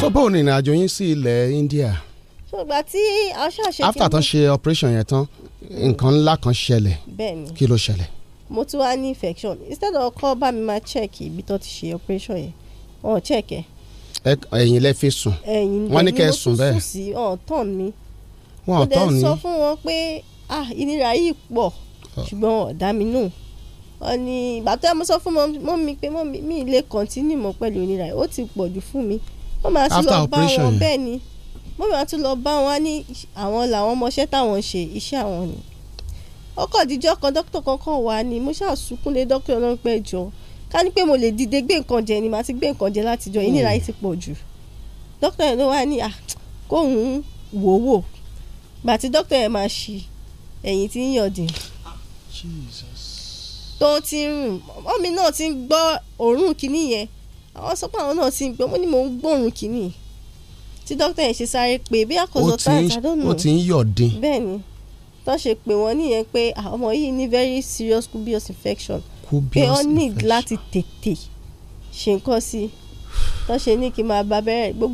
so báwo ni ìrìnàjò yín sí ilẹ̀ India. ṣùgbọ́n tí a ṣàṣe. after tán ṣe operation yẹn tán nǹkan ńlá kan ṣẹlẹ̀ kí ló ṣẹlẹ̀. mo tún wá ní infection instead of kọ́ bá mi máa check ibi tó ti ṣe operation yẹn wọn ò check ẹ̀ ẹ̀yin lẹ fi sùn wọ́n ní kẹ́ sùn bẹ́ẹ̀. ẹ̀yin mo tún ni. mo dẹ̀ sọ fún wọn pé ah, ìnira yìí pọ̀ ṣùgbọ́n ọ̀dà mi nù wọ́n ní ìgbà tó yà mo sọ fún mọ́ mi pé mi lè kọ́ntínú mọ́ pẹ̀lú ìnira yìí ó ti pọ̀ jù fún mi wọ́n máa tún lọ bá wọn bẹ́ẹ̀ ni wọ́n máa tún lọ bá wọn ní àwọn làwọn mọṣẹ́ táwọn ṣe iṣẹ́ àwọn ni ọkọ̀ ìdíjọ́ kan dókítà kankan wà ní mo ṣáà sunkún lé dókítà náà pẹ́ jọ ká ní pé mo lè dìde gbé nǹkan jẹ ni màá ti gbé nǹkan jẹ látijọ́ ìnira yìí ti pọ̀ jù dókítà yẹn ló wá ní à kóun wò ó wò gbà dókítà yẹn máa ṣí ẹ̀yìn tí ń yọ̀dìn tó ti rùn ọmọ náà ti ń gbọ́ òórùn kìíní yẹn àwọn sọ pé àwọn náà ti ń gbọ́ mo ní mò ń gbóòórùn kìíní tí dókítà yẹn ṣe sáré pé bí àkóso táǹtà lónìí ó ti ń yọ̀dìn bẹ́ẹ̀ ni tó ṣe pé wọ́n níyẹn pé ọmọ yìí ní very serious cubus infection pé ó ní láti tètè ṣe nǹkan sí i tó ṣe ní kí n máa bá abẹ́rẹ́